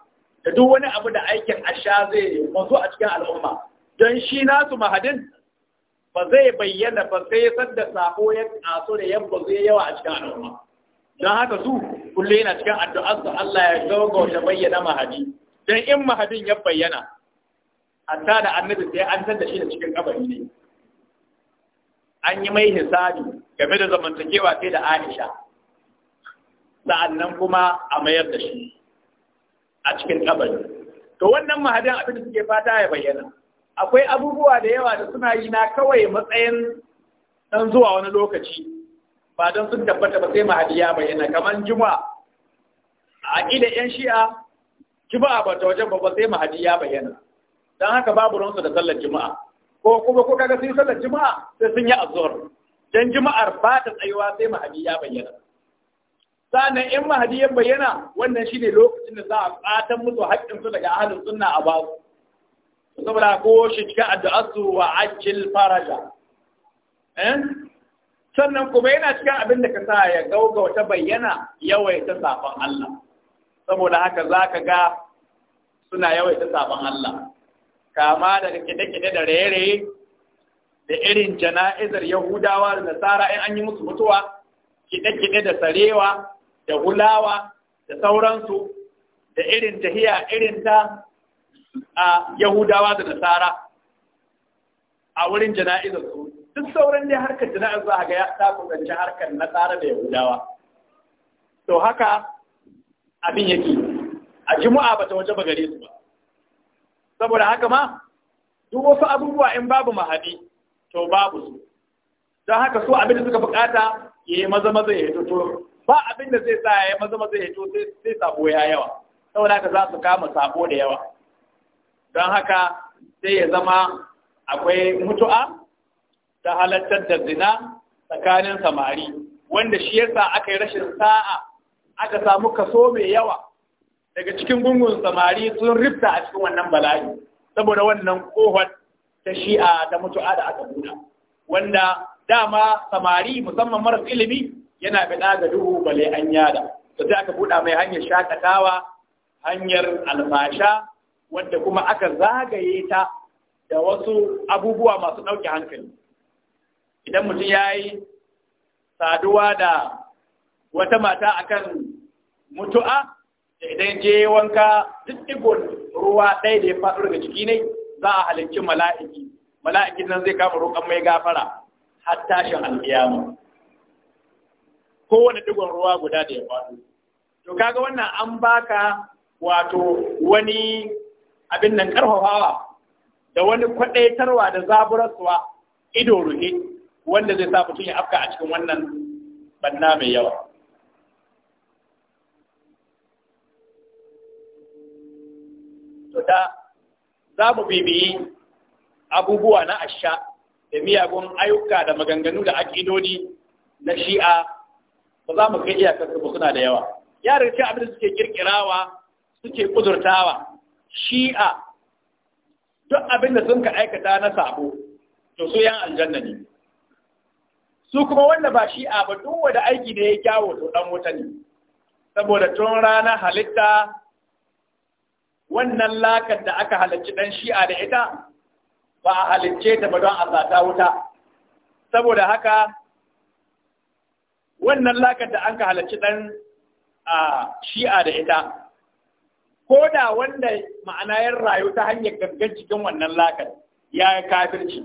da duk wani abu da aikin asha zai wanzu a cikin al'umma don shi nasu mahadin ba zai bayyana ba sai sanda sako ya kaso da yabba zai yawa a cikin al'umma don haka su kullum yana cikin addu'ar su Allah ya ta bayyana mahadi don in mahadin ya bayyana hatta da annabi sai an da shi da cikin kabari ne an yi mai hisabi game da zamantakewa sai da Aisha sa'annan kuma a mayar da shi a cikin kabari to wannan mahadin abin da suke fata ya bayyana akwai abubuwa da yawa da suna yi na kawai matsayin dan zuwa wani lokaci ba don sun tabbata ba sai mahadi ya bayyana kamar juma'a a ƙida 'yan shi'a juma'a ba ta wajen ba sai mahadi ya bayyana dan haka babu ransu da sallar juma'a ko kuma ko kaga sun sallar juma'a sai sun yi azhar dan juma'ar ba ta tsayuwa sai mahadi ya bayyana sannan in mahadi ya bayyana wannan shine lokacin da za a fatan musu haƙƙin su daga ahlus sunna a ba su saboda ko shi cikin addu'arsu wa ajil faraja eh? sannan kuma yana cikin abin da ka sa ya gauga wata bayyana yawaita safan Allah saboda haka za ka ga suna yawaita safan Allah kama daga kide-kide da raye-raye da irin jana'izar yahudawa da nasara in an yi musu mutuwa kide-kide da sarewa da hulawa da sauransu da irin tahiya irin ta a yahudawa da nasara a wurin jana'izar su duk sauran ne harkar jana'izar za a ga ya ta zance harkar nasara da yahudawa to haka abin yake a ba ta waje ba gare su ba saboda haka ma duk wasu abubuwa in babu mahadi to babu su don haka su abin da suka bukata ya yi maza maza ya hito to ba abin da zai sa ya yi maza maza ya hito sai sabo ya yawa saboda haka za su kama sabo da yawa don haka sai ya zama akwai mutu'a ta halattar da zina tsakanin samari wanda shi yasa aka yi rashin sa'a aka samu kaso mai yawa daga cikin gungun samari sun rifta a cikin wannan bala'i saboda wannan kohon ta shi'a ta mutu'a da aka buɗa wanda dama samari musamman maras ilimi yana fiɗa ga duhu bale an yada da sai aka buɗa mai hanyar shakatawa hanyar alfasha wadda kuma aka zagaye ta da wasu abubuwa masu ɗauke hankali idan mutum ya yi saduwa da wata mata akan mutu'a idan je wanka duk digon ruwa ɗaya da ya faɗo daga ciki ne za a halicci mala'iki mala'iki nan zai kama roƙon mai gafara har tashin alƙiyama kowane digon ruwa guda da ya faɗo to kaga wannan an baka wato wani abin nan karfafawa da wani kwaɗaitarwa da zaburarsuwa ido ruhe wanda zai sa mutum ya afka a cikin wannan banna mai yawa fita za mu bibiyi abubuwa na asha da miyagun ayyuka da maganganu da akidodi na shi'a ba za mu kai iyakar su suna da yawa ya rikici abin da suke kirkirawa suke kudurtawa shi'a duk abin da sun ka aikata na sabo to su yan aljanna ne su kuma wanda ba shi'a ba duk wanda aiki da ya kyawo to dan wuta ne saboda tun rana halitta wannan lakar da aka halarci dan shi'a da ita ba a halicce ta ba don a sata wuta saboda haka wannan lakar da an ka halarci ɗan shi'a da ita ko da wanda ma'ana yin rayu ta hanyar gangan cikin wannan lakar ya yi kafirci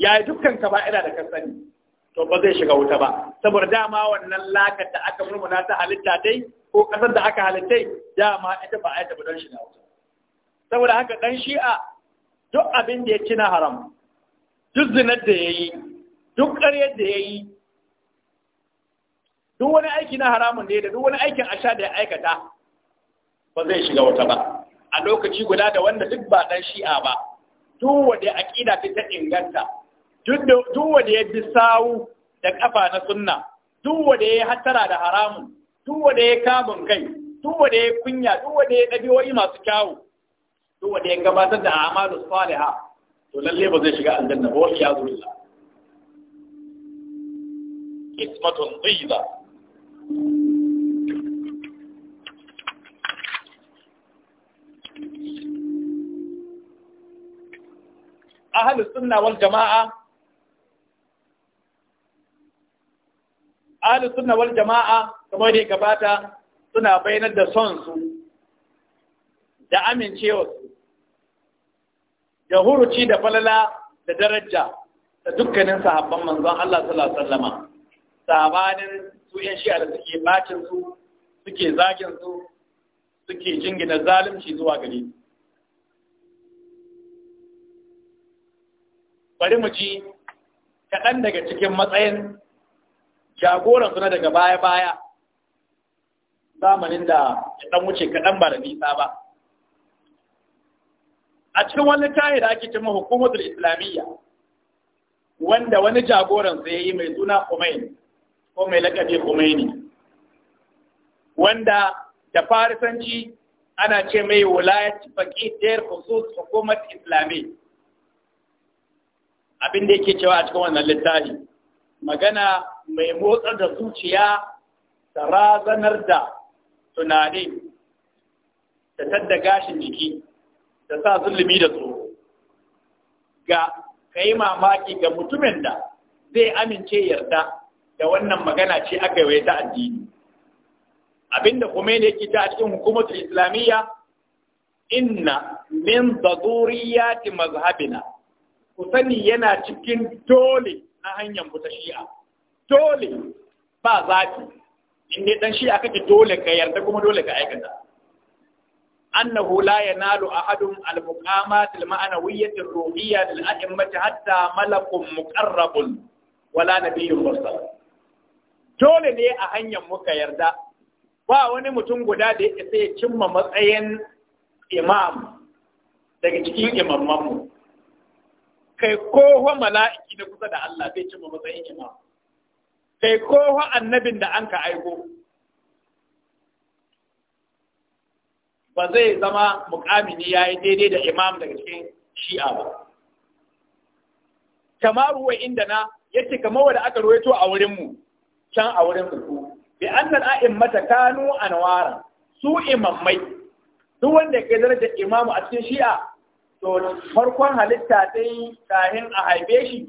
ya yi dukkan kaba'ira da kasani to ba zai shiga wuta ba saboda dama wannan lakar da aka murmuna ta halitta dai ko ƙasar da aka halittai dama ita ba a tafi don shi na wuta saboda haka ɗan shi'a duk abin da ya ci na haram duk zinar da ya yi duk ƙaryar da ya yi duk wani aiki na haramun da ya da duk wani aikin asha da ya aikata ba zai shiga wata ba a lokaci guda da wanda duk ba ɗan shi'a ba duk wanda aƙida ta inganta duk wanda ya bi sawu da ƙafa na sunna duk wanda ya hattara da haramun duk wanda ya kamun kai duk wanda ya kunya duk wanda ya dabi'o'i masu kyawu duk wanda ya gabatar da amalu ha, to lalle ba zai shiga aljanna ba wani yazo billah ismatun dhiza ahlus sunna wal jama'a ahlus sunna wal jama'a kamar da gabata suna bayanar da son su da amincewa su da huruci da falala da daraja da dukkanin sahabban manzon Allah sallallahu alaihi wasallama sabanin su yan shi'a da suke bacin su suke zagin su suke jingina zalunci zuwa gare su bari mu ci kaɗan daga cikin matsayin jagoran na daga baya-baya zamanin da ya dan wuce kaɗan ba da nisa ba a cikin wani tayi da ake cimma hukumatul islamiyya wanda wani jagoran ya yi mai suna Khomeini ko mai lakabi Khomeini wanda da farisanci ana ce mai wulayat faqih dar khusus hukumar islami abin da yake cewa a cikin wannan littafi magana mai motsar da zuciya ta razanar da tunani da tadda gashin jiki da sa zulumi da tsoro ga ka yi mamaki ga mutumin da zai amince yarda da wannan magana ce aka yi ta addini abinda kuma ne yake ta a cikin hukumatul islamiyya inna min daduriyati mazhabina ku sani yana cikin dole na hanyar mu ta shi'a dole ba zafi in dai dan shi ce dole ka yarda kuma dole ka aikata annahu la yanalu ahadun al-muqamat al lil hatta malakun muqarrabun wala nabiyyun mursal dole ne a hanyar muka yarda ba wani mutum guda da yake sai ya cimma matsayin imam daga cikin imammanmu kai ko wa mala'iki na kusa da Allah zai cimma matsayin imam kai kowa annabin da an ka aiko ba zai zama mukamini ya yi daidai da imam daga cikin shi'a ba kamar ruwa inda na ce kamar wadda aka ruwaito a wurinmu can a wurin ku bi a'in mata kanu nawara? su imammai duk wanda ke darajar imamu a cikin shi'a to farkon halitta dai kahin a haife shi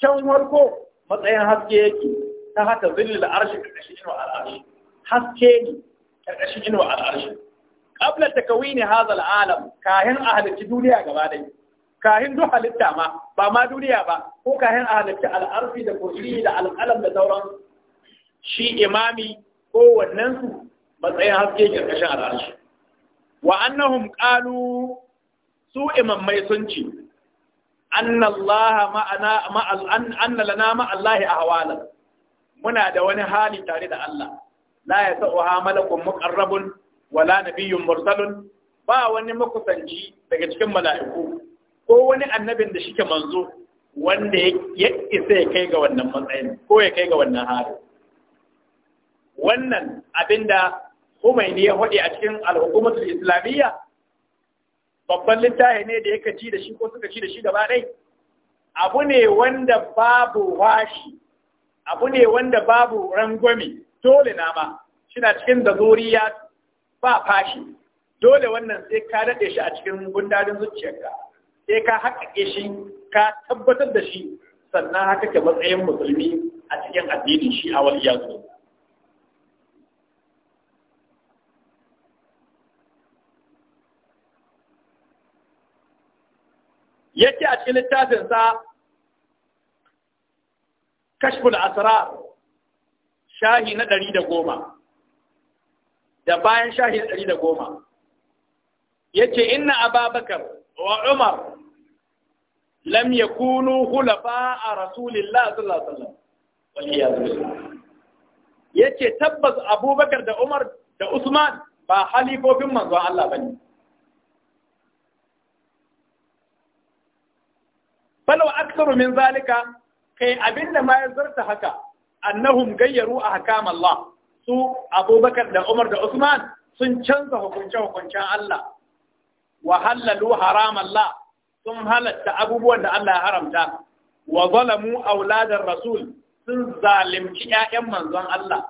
can farko matsayin haske yake ta haka da arshi karkashin inuwa al'arshi haske ne karkashin inuwa al'arshi qabla takawini hadha al'alam kahin a halitta duniya gaba dai kahin duk halitta ma ba ma duniya ba ko kahin a halitta al'arfi da kursi da al'alam da sauran shi imami ko wannan su matsayin haske karkashin al'arshi wa annahum qalu su imammai sun ce anna Allah ma'ana ma'al anna lana ma'allahi ahwalan muna da wani hali tare da Allah la ya sa'uha malakun muqarrabun wala nabiyyun mursalun ba wani makusanci daga cikin mala'iku ko wani annabin da shike manzo wanda ya isa ya kai ga wannan matsayin ko ya kai ga wannan hali wannan abinda ne ya faɗi a cikin al islamiyya babban littafi ne da yake ci da shi ko suka ci da shi gaba abu ne wanda babu washi abu ne wanda babu rangwami dole na ma shina cikin da zuriya ba fashi dole wannan sai ka daɗe shi a cikin gundarin zuciyarka sai ka haƙaƙe shi ka tabbatar da shi sannan haka ke matsayin musulmi a cikin addinin shi a waliya zuwa yake a cikin littafinsa Kashfu da asrar shahi na ɗari da goma da bayan shahi na ɗari da goma ya ce inna ababakar wa umar lam yakunu hulafa a rasulillah sallallahu alaihi wasallam ya ce tabbas abubakar da umar da usman ba halifofin manzon Allah ba ne falo aksaru min zalika kai eh, abinda ma ya zarta haka annahum gayyaru ahkam Allah su Abubakar da Umar da Usman sun canza hukunce hukuncen Allah wa halalu haram Allah sun halatta abubuwan da Allah ya haramta wa zalamu auladar rasul sun zalimci ƴaƴan manzon Allah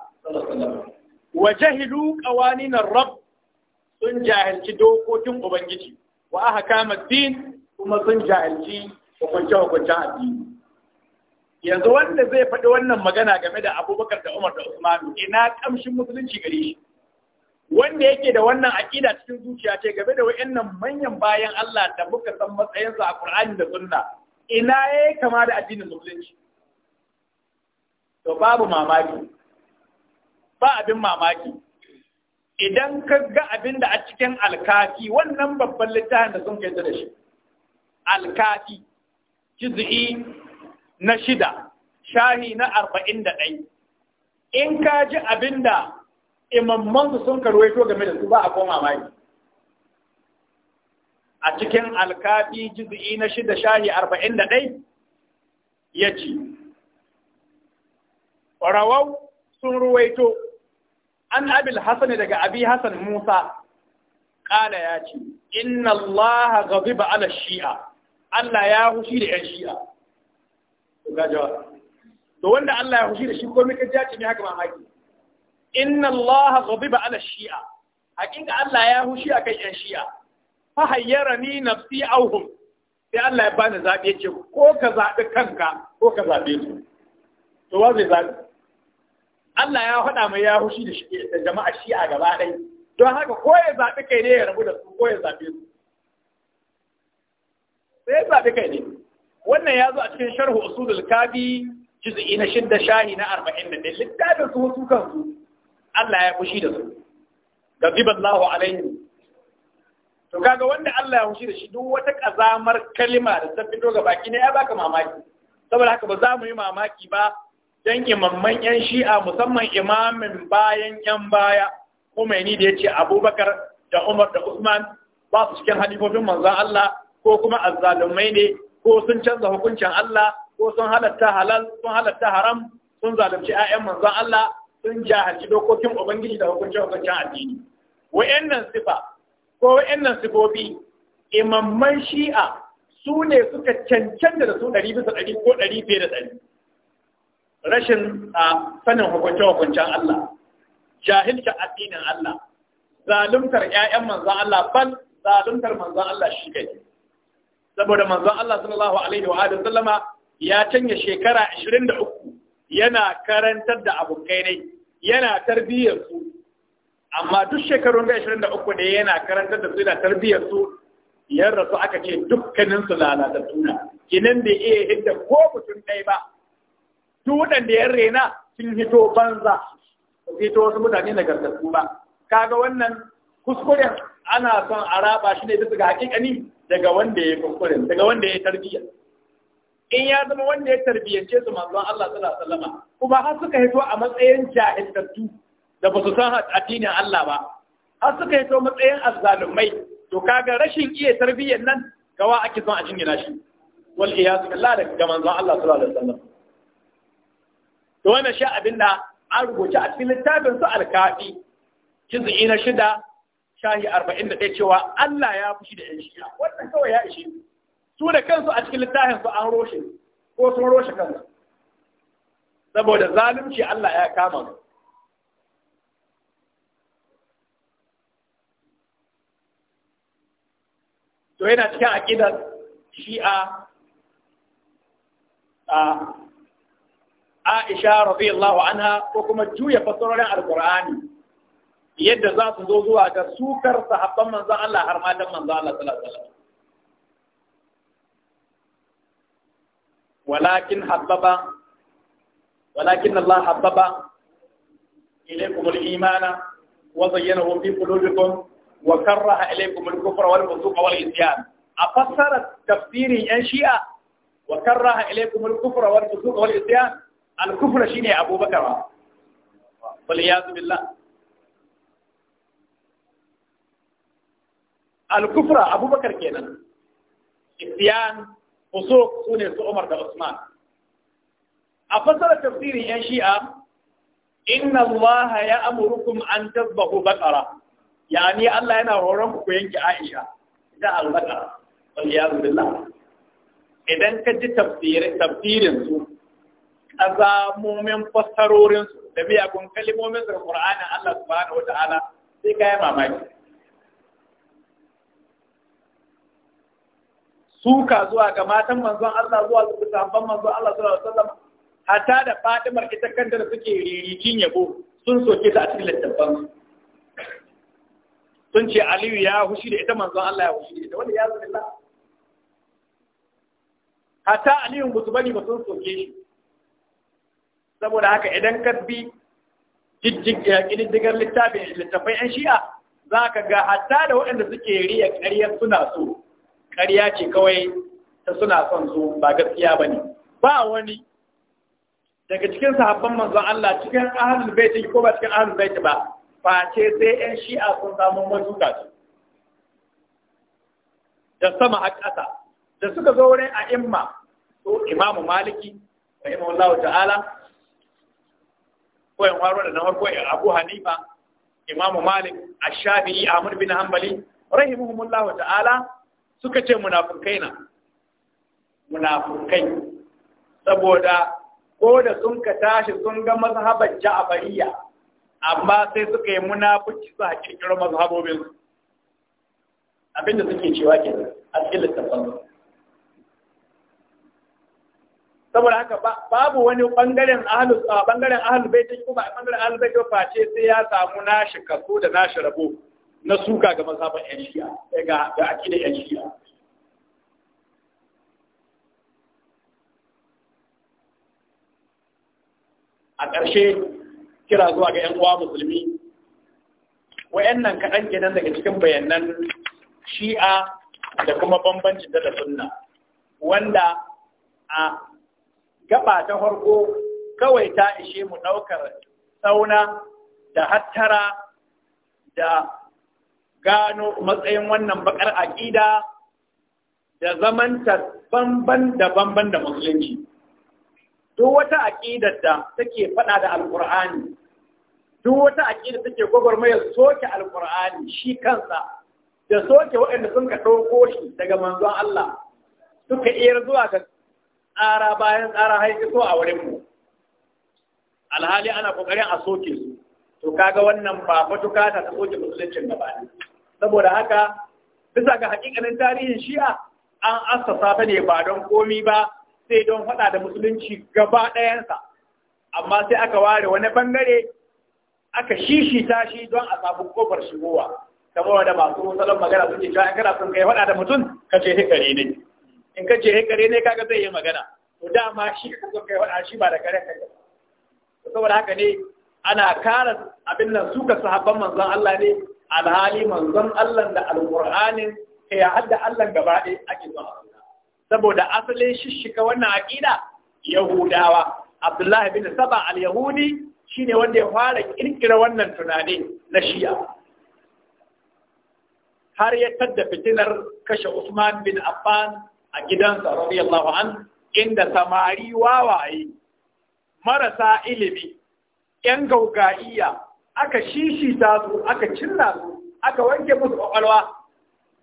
wa jahilu qawaninar rabb sun jahilci dokokin ubangiji wa ahkamat din kuma sun jahilci hukunce hukuncen addini yanzu wanda zai faɗi wannan magana game da abubakar da umar da usmanu ina ƙamshin musulunci gare shi wanda yake da wannan aƙida cikin zuciya ce game da wayannan manyan bayan Allah da muka san matsayinsu a Qur'ani da Sunna ina yi kama da addinin musulunci to babu mamaki ba abin mamaki idan ka ga abin da a cikin alkafi wannan babban littafin da sun kai da shi alkafi juz'i na shida shahi na arba'in da ɗai in ka ji abin da imammansu sun karwaito game da su ba a koma mai a cikin alkafi jizu'i na shida shahi arba'in da ɗai ya ce rawau sun ruwaito an abil hasan daga abi Hassan musa ƙala ya ce inna allaha gaziba ala shi'a allah ya hushi da 'yan shi'a to wanda Allah ya hushi da shi komai ka jaci ne haka mamaki inna Allah ghadiba ala shi'a hakika Allah ya hushi akan yan shi'a fa hayyarani nafsi auhum sai Allah ya bani zabi yace ko ka zabi kanka ko ka zabe su to wa zai zabi Allah ya faɗa mai ya hushi da shi jama'a shi'a gaba ɗaya don haka ko ya zabi kai ne ya rabu da su ko ya zabe su sai ya zabi kai ne wannan ya zo a cikin sharhu usulul kabi juz'i na shidda shahi na arba'in da ɗaya littafin su wasu kansu Allah ya fushi da su gaziballahu alaihi to kaga wanda Allah ya fushi da shi duk wata kazamar kalima da ta fito ga baki ne ya baka mamaki saboda haka ba za mu yi mamaki ba dan imamman yan shi'a musamman imamin bayan yan baya Khomeini da yace Abubakar da Umar da Usman ba su cikin halifofin manzon Allah ko kuma azzalumai ne ko sun canza hukuncin Allah ko sun halatta halal sun halatta haram sun zalunci ƴaƴan manzon Allah sun jahilci dokokin ubangiji da hukuncin hukuncin addini wa'annan sifa ko wa'annan sifofi imamman shi'a su ne suka cancanta da su ɗari bisa ɗari ko ɗari fiye da ɗari rashin a sanin hukuncin-hukuncin Allah jahilci addinin Allah zaluntar ƴaƴan manzan Allah bal zaluntar manzan Allah shi kai saboda manzon Allah sallallahu alaihi wa alihi sallama ya canya shekara 23 yana karantar da abokai ne yana tarbiyyar su amma duk shekarun da 23 ne yana karantar da su yana tarbiyyar su ya rasu aka ce dukkanin su lalata tuna kinan da iya hidda ko mutum ɗaya ba duk da ya rena sun hito banza sun hito wasu mutane nagartattu ba kaga wannan kuskuren. ana son a raba shi ne bisa ga hakikani daga wanda ya kuskuren daga wanda ya tarbiyya in ya zama wanda ya tarbiyyance su manzo Allah sallallahu alaihi wasallam kuma har suka hito a matsayin jahilattu da ba su san addinin Allah ba har suka hito matsayin azzalumai to kaga rashin iya tarbiyyar nan gawa ake son a jingina shi wal iyaz billah daga manzo Allah sallallahu alaihi wasallam to wannan sha abinda an rubuta a cikin littafin su alkafi kizi na shida shahi arba'in da ɗaya cewa Allah ya fushi da ‘yan shi'a wannan kawai ya ishi. su da kansu a cikin littafin su an roshe ko sun roshe kansu saboda zalunci Allah ya kama su to yana cikin aƙidar shi'a a Aisha radiyallahu anha ko kuma juya fasarorin alƙur'ani yadda za su zo zuwa ga sukar sahabban manzon Allah har ma dan Allah sallallahu alaihi wasallam walakin habbaba walakin Allah habbaba ilaykum al-imana wa zayyanahu fi qulubikum wa karraha ilaykum al-kufra wal fusuqa tafsirin yan shi'a wa karraha ilaykum al shine abubakar wal al-kufra abubakar kenan isyan fusuq sune su Umar da Usman a fasara tafsirin yan shi'a inna Allah ya amurukum an tazbahu baqara yani Allah yana horon ku yanki Aisha da al-baqara billah idan ka ji tafsirin tafsirin su azamomin fassarorin su da miyagun kalmomin da Qur'anin Allah subhanahu wa ta'ala sai ka yi mamaki suka zuwa ga matan manzon Allah zuwa ga sahabban manzon Allah sallallahu alaihi wasallam hatta da Fatimar ita kanta da suke ririkin yabo sun soke ta a cikin littafin sun ce Aliyu ya hushi da ita manzon Allah ya hushi da ita wanda ya zo da hatta Aliyu musu bari ba sun soke shi saboda haka idan ka bi eh, ƙididdigar littafin littafai 'yan shi'a za ka ga hatta da waɗanda suke riya ƙaryar suna so ƙarya ce kawai ta suna son su ba gaskiya ba ne ba wani daga cikin sahabban manzon Allah cikin ahlul baiti ko ba cikin ahlul baiti ba face sai yan shi'a sun samu majuka su da sama a ƙasa da suka zo wurin a imma to imamu maliki wa imamu Allah ta'ala ko yan waro da na farko Abu Hanifa imamu Malik ash-Shafi'i Ahmad bin Hanbali rahimahumullahu ta'ala suka ce munafukai na munafukai saboda ko da sun ka tashi sun ga mazhabar ja'afariya amma sai suka yi munafuci su a kirkiro mazhabobin su abinda suke cewa ke a cikin saboda haka babu wani bangaren ahlus bangaren ahlul bait kuma bangaren ahlul bait face sai ya samu nashi kaso da nashi rabo na suka ga mazhaban yan shi'a eh, ga ga akidar yan shi'a a ƙarshe kira zuwa ga yan uwa musulmi wayannan kaɗan kenan daga cikin bayanan shi'a da kuma bambancin da sunna wanda a gaba ta farko kawai ta ishe mu ɗaukar tsauna da hattara da gano matsayin wannan bakar aƙida da zamanta bamban da bamban da musulunci. Duk wata aƙidar da take faɗa da Alƙur'ani, duk wata aƙidar take gwagwarmayar soke Alƙur'ani shi kansa da soke waɗanda sun ka ɗauko shi daga manzon Allah suka iya zuwa ga tsara bayan tsara har so a mu. Alhali ana ƙoƙarin a soke su, to kaga wannan ba fatuka ta soke musuluncin gaba ne. saboda haka bisa ga hakikanin tarihin shi'a an asasa ta ne ba don komi ba sai don faɗa da musulunci gaba ɗayansa amma sai aka ware wani bangare aka shishita shi don a samu kofar shigowa Saboda da masu salon magana suke cewa in kana son kai faɗa da mutum ka ce hikare ne in ka ce hikare ne kaga zai yi magana to dama shi ka son kai faɗa shi ba da kare kai saboda haka ne ana kara abin nan suka sahabban manzon Allah ne alhali manzon Allah da alƙur'anin kai hadda Allah gaba ɗaya ake saboda asalin shishika wannan aƙida Yahudawa Abdullahi bin Saba al-Yahudi shine wanda ya fara kirkira wannan tunani na Shi'a har ya tadda fitinar kashe Usman bin Affan a gidansa radiyallahu an inda samari wawaye marasa ilimi ‘yan gauga'iya aka shishita su aka cinna su aka wanke musu kwakwalwa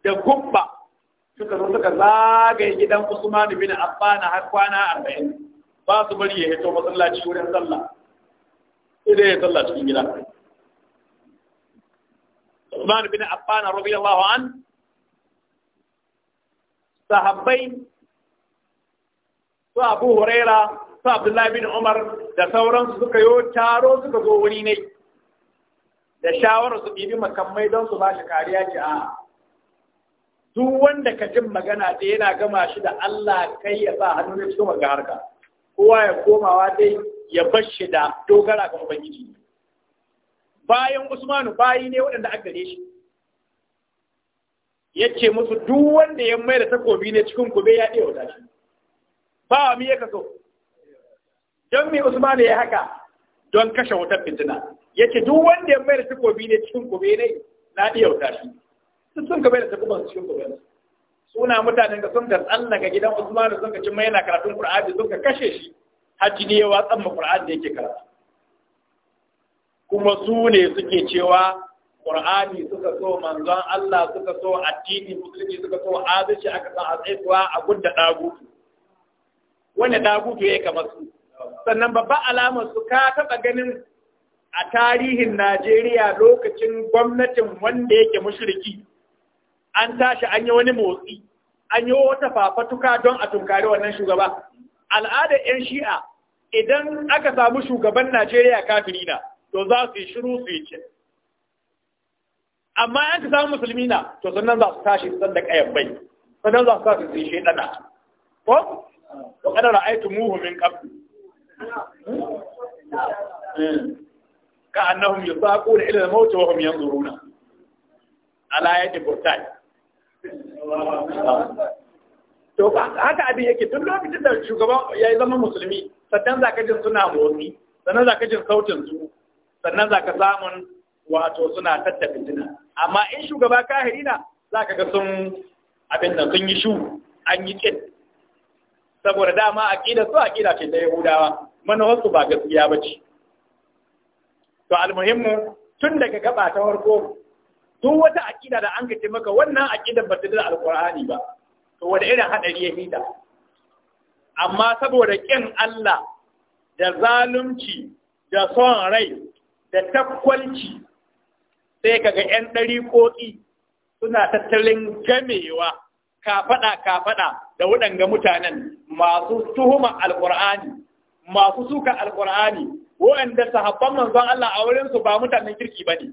da gumba suka zo suka zagaye gidan Usman bin Affan har kwana arba'in. ba su bari ya hito masallaci wurin sallah idan ya sallah cikin gida Usman bin Affan radiyallahu an sahabbai su Abu Huraira su Abdullahi bin Umar da sauransu suka yo taro suka zo wuri ne da shawarar su ɗibi makamai don su ba shi kariya ce a duk wanda ka jin magana ta yana gama shi da Allah kai ya sa hannu ne cikin wanga harka kowa ya komawa dai ya bar shi da dogara ga ubangiji bayan Usmanu bayi ne waɗanda aka gare shi Ya ce musu duk wanda ya mai da takobi ne cikin kube ya ɗaya wata shi ba wa mi ya kaso don me Usmanu ya haka don kashe wutar fitina yace duk wanda ya mayar takobi ne cikin gobe ne na iya wuta shi duk sun ka mayar su cikin ne suna mutanen da sun ka tsallaka gidan Usman sun ka ci mai yana karatun Qur'ani sun ka kashe shi hajji ne ya watsan ma Qur'ani da yake karatu kuma su ne suke cewa Qur'ani suka so manzon Allah suka so addini musulmi suka so azuci aka san azaituwa a gudda dagutu wanda dagutu yi kamar su sannan babba alamar su ka taba ganin a tarihin Najeriya lokacin gwamnatin wanda yake mushiriki, an tashi an yi wani motsi an yi wata fafatuka don a tunkari wannan shugaba al'adar 'yan shi'a idan aka samu shugaban Najeriya kafiri na to za su yi shiru su yi ce. amma ka samun musulmi na to sannan za su tashi san da ƙayan bai sannan za su tashi su yi ko muhu min ka annahum yusaquna ila al-maut wa hum yanzuruna ala yadi burtai to haka abin yake tun lokacin da shugaban ya yi zama musulmi sannan zaka jin suna motsi sannan zaka jin sautin su sannan zaka samun wato suna tattafi fitina amma in shugaba kahiri na zaka ga sun abin da sun yi shu an yi kin saboda dama aqida su aqida ce ta yahudawa manhajar ba gaskiya bace to almuhimmu tun daga gaba ta farko duk wata aƙida da an gace maka wannan aƙidar ba ta da alƙur'ani ba to wanda irin haɗari yake da amma saboda ƙin Allah da zalunci da son rai da takwalci sai kaga 'yan dari koki suna tattalin gamewa kafaɗa kafaɗa da waɗanga mutanen masu tuhuma alƙur'ani masu suka alkur'ani waɗanda sahabban manzon Allah a wurinsu ba mutanen kirki ba ne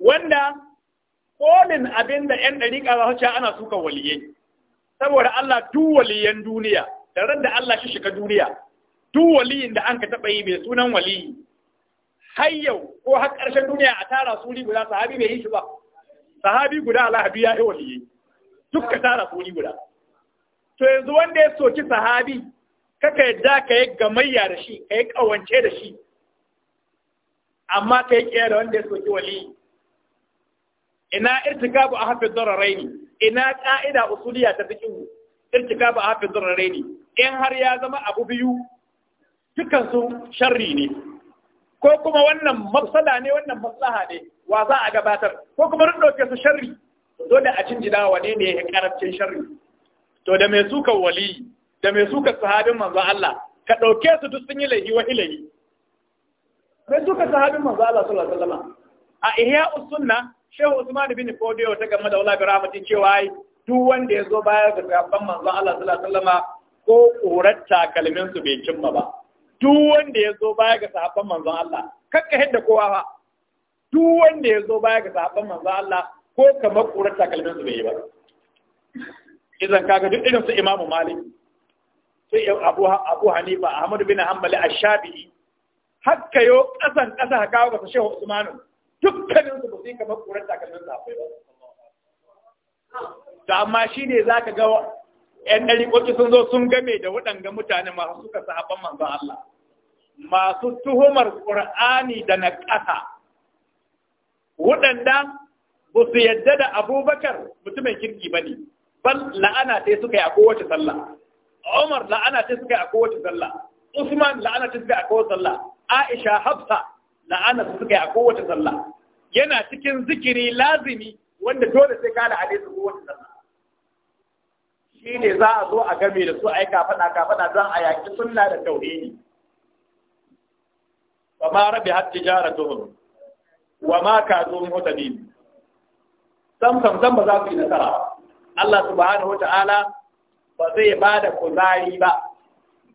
wanda kolin abin da ‘yan ɗariƙa ƙara su ana suka waliye, saboda Allah duk waliyan duniya da ran da Allah shi shiga duniya duk waliyin da an ka taɓa yi mai sunan waliyi har yau ko har ƙarshen duniya a tara suri guda sahabi bai yi shi ba sahabi guda alhabi ya yi waliyai duk ka tara suri guda to yanzu wanda ya soki sahabi kaka yadda ka yi gamayya da shi ka yi ƙawance da shi amma ka yi ƙera wanda ya soki wali ina ba a hafin zararai ne ina ƙa'ida usuliya ta irtika ba a hafin zararai ne in har ya zama abu biyu dukansu sharri ne ko kuma wannan mafsala ne wannan maslaha ne wa za a gabatar ko kuma ɗauke su sharri dole a cin jida wane ne ya karabcin sharri to da mai suka waliyi da mai suka sahabin manzo Allah ka ɗauke su duk sun yi laihi wa ilahi mai suka sahabin manzo Allah sallallahu alaihi wasallam a ihya usunna shehu usman bin fodiyo ta game da wala bi rahmatin cewa duk wanda ya zo baya ga sahabban manzo Allah sallallahu alaihi wasallam ko kuratta kalmin su bai cimma ba duk wanda ya zo baya ga sahabban manzo Allah kakka hidda kowa ba duk wanda ya zo baya ga sahabban manzo Allah ko kamar kuratta kalmin su bai yi ba idan kaga duk irin su imamu malik sai abu abu hanifa ahmad bin hanbali ash-shafi'i hakka yo kasan kasa haka ga ta shehu usman dukkanin su ba sai kamar kuran takalmin ba. to amma shine zaka ga yan dariƙoƙi sun zo sun game da waɗanga mutane masu suka sahaban manzo Allah masu tuhumar Qur'ani da na ƙasa waɗanda ba su yadda da abubakar mutumin kirki ba ne ban la'ana sai suka yi a kowace sallah Umar la'ana ta suka a kowace sallah Usman la'ana ta suka a kowace sallah Aisha Hafsa la'ana ana suka a kowace sallah yana cikin zikiri lazimi wanda dole sai ka la'ane su kowace sallah shi ne za a zo a game da su a yi kafaɗa kafaɗa don a yaƙi sunna da tauhidi wa ma rabi har tijara tuhum wa ma ka zo mutabin sam sam sam ba za su yi nasara Allah subhanahu wa ta'ala ba zai ba da kuzari ba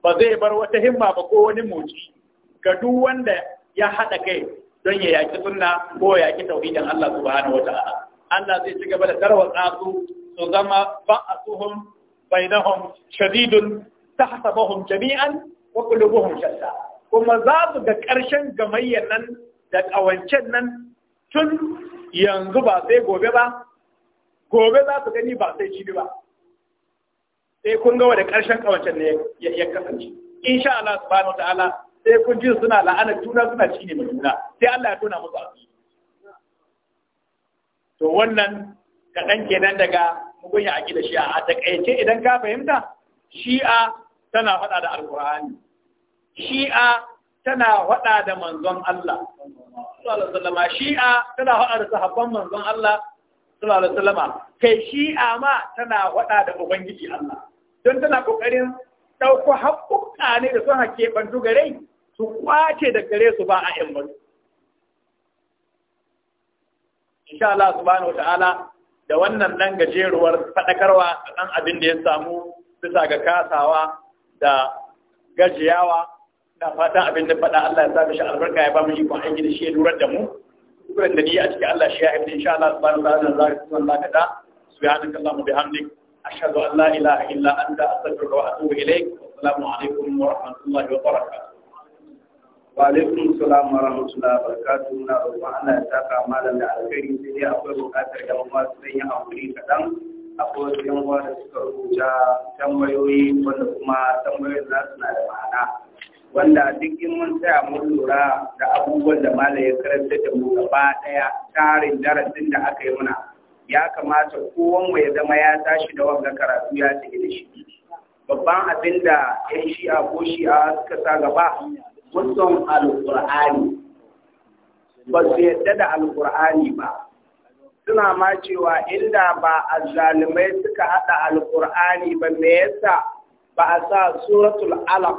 ba zai bar wata himma ba ko wani moci ga duk wanda ya haɗa kai don ya yaki sunna ko ya yaki tauhidin Allah wata wata'ala Allah zai ci gaba da tarwatsa su su zama ba'asuhum bainahum shadidun tahsabahum jami'an wa qulubuhum shatta kuma za su ga ƙarshen gamayyar nan da ƙawancen nan tun yanzu ba sai gobe ba gobe za su gani ba sai jibi ba sai kun gawa da ƙarshen kawancen ne ya kasance sha Allah subhanahu ta'ala sai kun ji suna la'anar juna suna cine mai juna sai Allah ya tona musu asiri to wannan kaɗan kenan daga ya a da shi'a a taƙaice idan ka fahimta shi'a tana faɗa da alƙur'ani. shi'a tana faɗa da manzon Allah shi'a tana faɗa da sahabban manzon Allah sallama kai shi'a ma tana faɗa da ubangiji Allah don tana kokarin ɗauko haƙƙuƙa ne da sun hake bantu gare su kwace da gare su ba a ‘yan wani. Insha Allah subhanahu wa ta'ala da wannan ɗan gajeruwar faɗakarwa ɗan abin da ya samu bisa ga kasawa da gajiyawa da fatan abin da faɗa Allah ya sa shi albarka ya ba mu ikon aiki da shi ya durar da mu. Kuren da ni a cikin Allah shi ya haifi insha Allah subhanahu wa ta'ala za ka kuma lakata. bi bihamdika. أشهد أن لا إله إلا أنت أستغفرك وأتوب إليك والسلام عليكم ورحمة الله وبركاته وعليكم السلام ورحمة الله وبركاته na roƙon أتاقى مالا saka malam da alkhairi sai dai akwai buƙatar yan uwa su dan yi hakuri kaɗan akwai wasu yan uwa da wanda duk in mun tsaya mun lura da abubuwan da malaye karanta da mu gaba daya tarin darasin da aka yi muna ya kamata kowanmu ya zama ya tashi da wanga karatu ya tafi da shi babban abin da yan a ko shi a suka sa gaba mutum alƙur'ani ba su yadda da alƙur'ani ba suna ma cewa inda ba azzalumai suka haɗa alƙur'ani ba me yasa ba a sa suratul alaq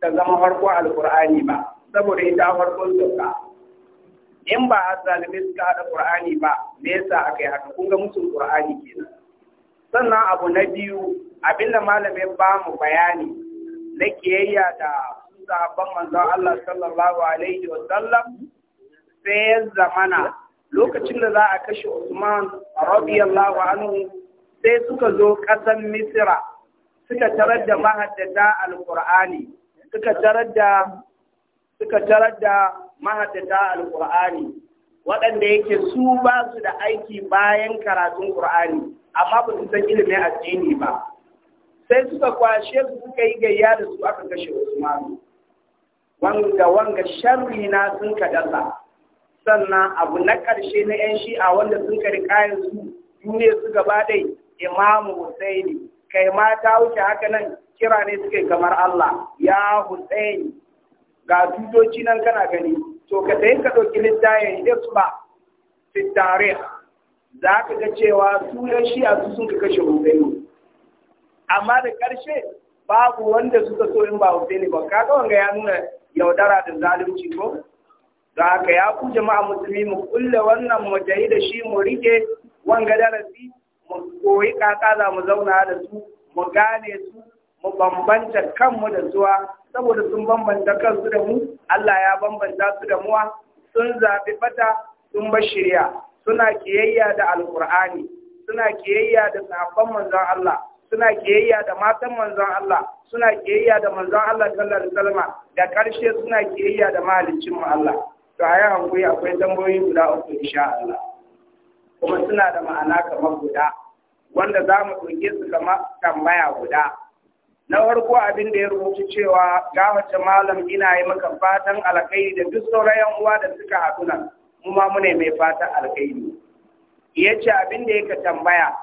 ta zama farko alƙur'ani ba saboda ita farkon sauka in ba a azzalimi suka haɗa ƙur'ani ba me yasa yi haka kun ga ƙur'ani qur'ani kenan sannan abu na biyu abinda malamin ba mu bayani na kiyayya da sahabban manzon Allah sallallahu alaihi wa sallam sai zamana lokacin da za a kashe Usman radiyallahu anhu sai suka zo ƙasar Misra suka tarar da mahaddata alqur'ani suka tarar da suka tarar da mahaddata qurani waɗanda yake su ba su da aiki bayan karatun qur'ani amma ba su san ilimin addini ba sai suka kwashe su suka yi gayya da su aka kashe Usman wanga wanga sharri na sun kadasa sannan abu na ƙarshe na 'yan shi'a wanda sun kari kayan su dune su gaba dai imamu Hussein kai ma ta wuce haka nan kira ne suke kamar Allah ya Hussein. ga dutoci nan kana gani to ka tayin ka ɗauki littafin isba fi tarikh za ka ga cewa su shi a su sun kashe Hussein amma da karshe babu wanda suka so in ba Hussein ba kaga wanga ya nuna yaudara da zalunci ko za ka ya ku jama'a musulmi mu kulle wannan mu da shi mu rike wanga darasi mu koyi kaka za mu zauna da su mu gane su mu bambanta kanmu da zuwa saboda sun bambanta kansu da mu Allah ya bambanta su da muwa sun zaɓi fata sun bar shirya suna kiyayya da alkur'ani suna kiyayya da sahabban manzon Allah suna kiyayya da matan manzon Allah suna kiyayya da manzon Allah sallallahu alaihi wasallam da karshe suna kiyayya da mahaliccin mu Allah to ayi hankuri akwai tambayoyi guda uku insha Allah kuma suna da ma'ana kamar guda wanda za mu ɗauke su kamar tambaya guda na farko abin da ya rubuta cewa ga wace malam ina yi maka fatan alkhairi da duk sauran uwa da suka haɗu nan mu ma mune mai fatan alkhairi ce abin da yake tambaya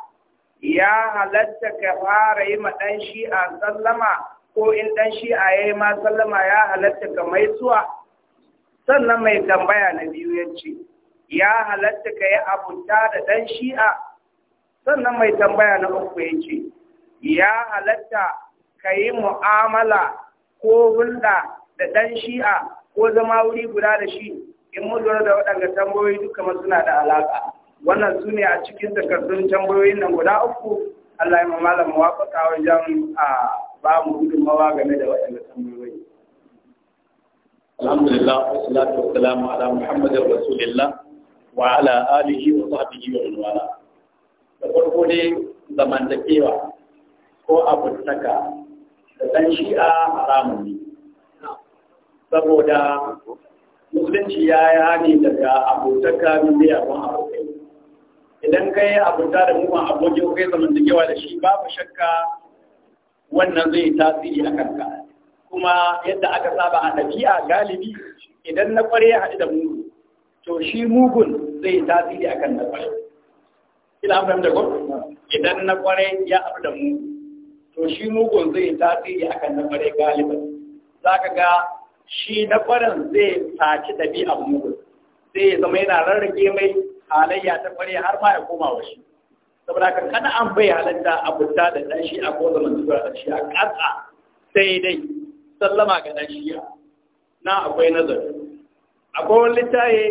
ya halatta ka fara yi ma dan shi'a sallama ko in ɗan shi'a ya yi ma sallama ya halatta ka mai suwa sannan mai tambaya na biyu ya ce. ya halatta ka yi abuta da dan shi'a sannan mai tambaya na uku ya ce. ya halatta ka yi mu'amala ko hulɗa da ɗan shi'a ko zama wuri guda da shi in mun lura da waɗanda tambayoyi duka suna da alaƙa wannan su ne a cikin takardun tambayoyin nan guda uku Allah ya mamala mu wafaka wajen a ba mu gudunmawa game da waɗanda tambayoyi. Alhamdulillah, wassalatu wassalamu ala Muhammadin Rasulillah wa ala alihi wa sahbihi wa man wala. Da farko dai zamantakewa ko saka da ɗan shi'a haramun ne saboda musulunci ya yi hane daga kamin da yawon abokai idan ka yi abota da mugun abokin kai zamantakewa da shi babu shakka wannan zai tasiri a kanka kuma yadda aka saba a ɗabi'a galibi idan na kware ya haɗu da mugu to shi mugun zai tasiri a kan na kware ina fahimta ko idan na kware ya haɗu da mugu to shi mugun zai tasiri akan kan namare galiban za ka ga shi na farin zai taci ɗabi'a mugun sai ya zama yana rarrage mai halayya ta fari har ma ya koma wa shi saboda ka kana an bai halatta abuta da dan shi a ko zaman zuwa a shi a ƙasa sai dai sallama ga ɗan shi na akwai nazari akwai wani littaye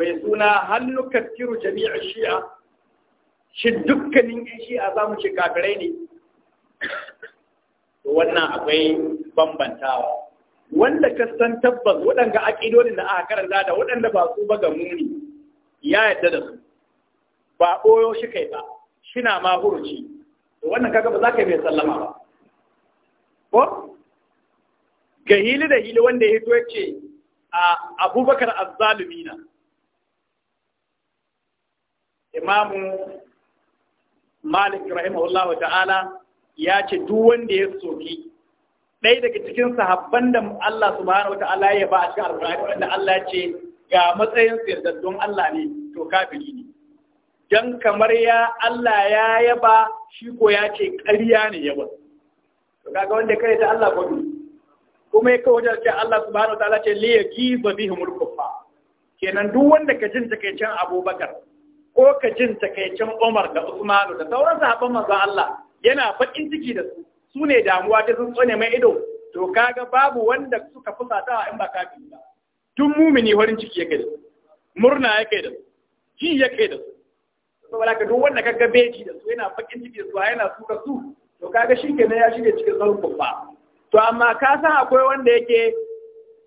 mai suna hannu kaskiru jami'a shi'a shi dukkanin yan shi'a za mu ce ne to wannan akwai bambantawa wanda ka san tabbas waɗanda aƙidodin da aka karanta da waɗanda ba su ba ga muni ya yadda da su ba ɓoyo shi kai ba shi na ma huruci to wannan kaga ba za ka mai sallama ba ko ga hili da hili wanda ya hito ce a abubakar azzalumi na imamu malik rahimahullahu ta'ala ya ce duk wanda ya soki ɗaya daga cikin sahabban da Allah subhanahu wata'ala ya ba a cikin alƙur'ani wanda Allah ce ga matsayin sirdaddun Allah ne to kafiri ne dan kamar ya Allah ya yaba shi ko ya ce ƙarya ne yaba to kaga wanda kare ta Allah ko kuma ya kawo ce Allah subhanahu wataala ce li yaqiza bihumul kuffa kenan duk wanda ka jin takeicin Abubakar ko ka jin takeicin Umar da Usman da sauran sahabban manzon Allah yana bakin ciki da su su ne damuwa ta sun tsone mai ido to kaga babu wanda suka fusata in ba kafin ba tun mumini farin ciki yake da murna yake da ji yake da saboda ka duk wanda kaga beji da su yana bakin ciki da su yana su su to kaga shi kenan ya shige cikin tsaron kubba to amma ka san akwai wanda yake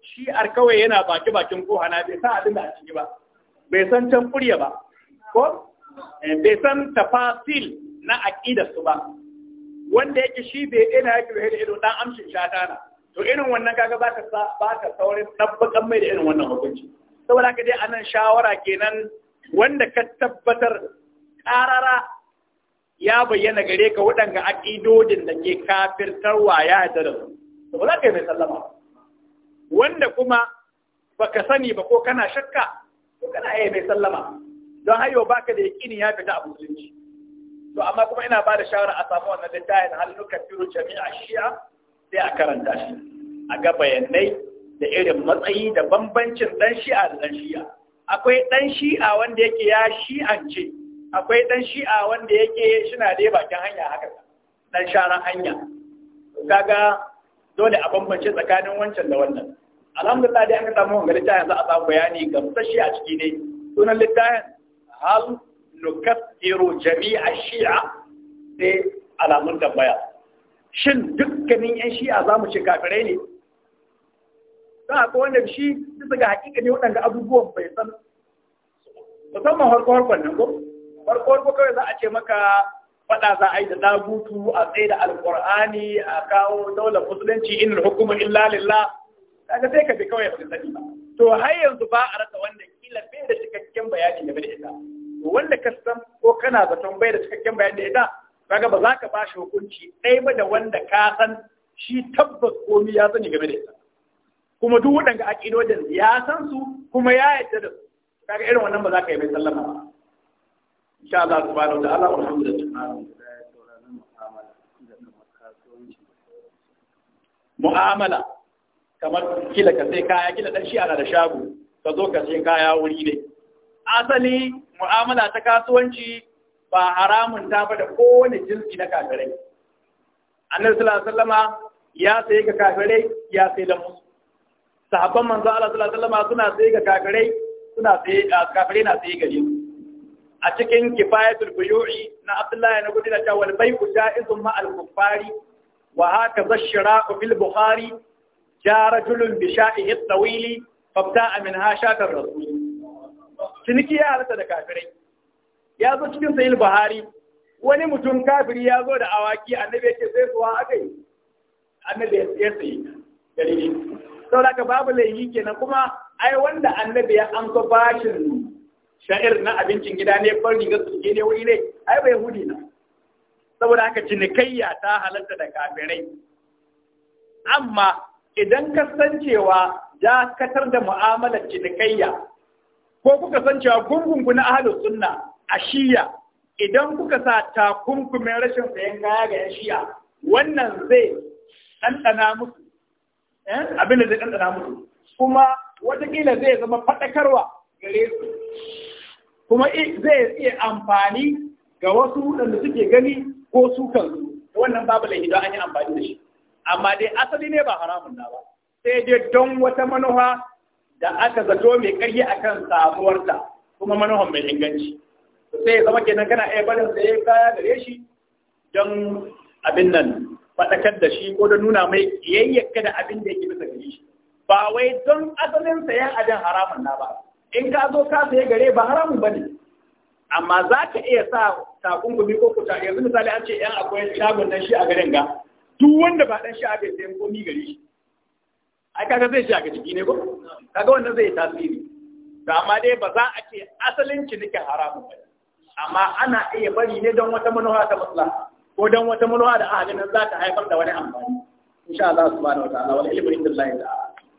shi kawai yana baki bakin kohana bai san abin da a ciki ba bai san can kurya ba ko eh, bai san tafasil na su ba wanda yake shi bai ina yake bai da ido dan amshin shata na to irin wannan kaga ba ka ba ka saurin dabbakan mai da irin wannan hukunci saboda ka dai anan shawara kenan wanda ka tabbatar karara ya bayyana gare ka waɗanga aƙidodin da ke kafirtarwa ya yadda da su to ba za ka yi mai sallama wanda kuma baka sani ba ko kana shakka to kana yi mai sallama don hayo baka da yaƙini ya fita a musulunci to amma kuma ina ba da shawara a samu wannan littafin hallukan biro jami'a shi'a sai a karanta shi a ga bayanai da irin matsayi da bambancin dan shi'a da dan shi'a akwai dan shi'a wanda yake ya shi'ance akwai dan shi'a wanda yake shina dai bakin hanya haka dan sharan hanya kaga dole a bambance tsakanin wancan da wannan alhamdulillah dai an ga samu wanga littafin za a samu bayani gamsashi a ciki ne sunan littafin hal nukaffiru jami'a shi'a sai alamun tambaya shin dukkanin yan shi'a za mu ce kafirai ne za a wanda shi bisa ga hakika ne waɗanda abubuwan bai san musamman harko harkon nan ko harko harko kawai za a ce maka faɗa za a yi da dagutu a tsaye da alƙur'ani a kawo daular musulunci inil hukuma illa lillah kaga sai ka bi kawai ba sani ba to har yanzu ba a rasa wanda kila bai da cikakken bayani game da ita wanda ka san ko kana da tambayar da cikakken bayan da ita kaga ba za ka ba shi hukunci ɗaya ba da wanda ka san shi tabbas komi ya sani game da ita kuma duk waɗanda aƙidojin ya san su kuma ya yarda da su kaga irin wannan ba za ka yi mai sallama ba insha Allah subhanahu wa ta'ala alhamdulillah mu'amala kamar kila ka sai kaya kila dan shi ana da shago ka zo ka sai kaya wuri ne asali mu'amala ta kasuwanci ba haramun ta ba da kowane jinsi na kafirai annabi sallallahu alaihi wasallama ya sayi ga kafirai ya sayi da musu sahabban manzo Allah sallallahu alaihi wasallama suna sayi ga kafirai suna sayi kafirai na sayi gare su a cikin kifayatul buyu'i na Abdullahi na gudu da cewa wal bai'u ja'izun ma al kuffari wa haka zashira'u bil bukhari ja rajulun bi sha'ihi tawili fabta'a min ha shakar rasuli ciniki ya halatta da kafirai ya zo cikin sayil buhari wani mutum kafiri ya zo da awaki annabi yake sai suwa aka yi annabi ya sayi dalili da ka babu laifi kenan kuma ai wanda annabi ya amsa bashin sha'ir na abincin gida ne bar ga suke ne wuri ne ai bai hudi na saboda haka cinikayya ta halatta da kafirai amma idan ka san cewa dakatar da mu'amalar cinikayya ko kuka san cewa gungungu na ahlus sunna a shiya idan kuka sa takunkumin rashin sayan kaya ga yan shiya wannan zai ɗanɗana musu eh? abin da zai ɗanɗana musu kuma watakila zai zama faɗakarwa gare su kuma zai iya amfani ga wasu waɗanda suke gani ko su kansu wannan babu laifi don an yi amfani da shi amma dai asali ne ba haramun na ba sai dai don wata manufa da aka zato mai karye akan samuwarta kuma manuhan mai inganci sai zama kenan kana iya barin sai kaya gare shi don abin nan faɗakar da shi ko don nuna mai yayyaka da abin da yake bisa gare shi ba wai don asalin sayan abin haramun na ba in ka zo ka saye gare ba haramun ba ne amma za ka iya sa takunkumi ko kuta yanzu misali an ce yan akwai shagon nan shi a garin ga duk wanda ba dan shi bai sayan komi gare shi ai kaga zai shiga jiki ne ko kaga wannan zai tasiri to amma dai ba za a ce asalin cinikin haramun ba amma ana iya bari ne don wata manufa ta maslaha ko don wata manufa da ahalin nan za ta haifar da wani amfani insha Allah subhanahu wa ta'ala wal ilmu indallahi ta'ala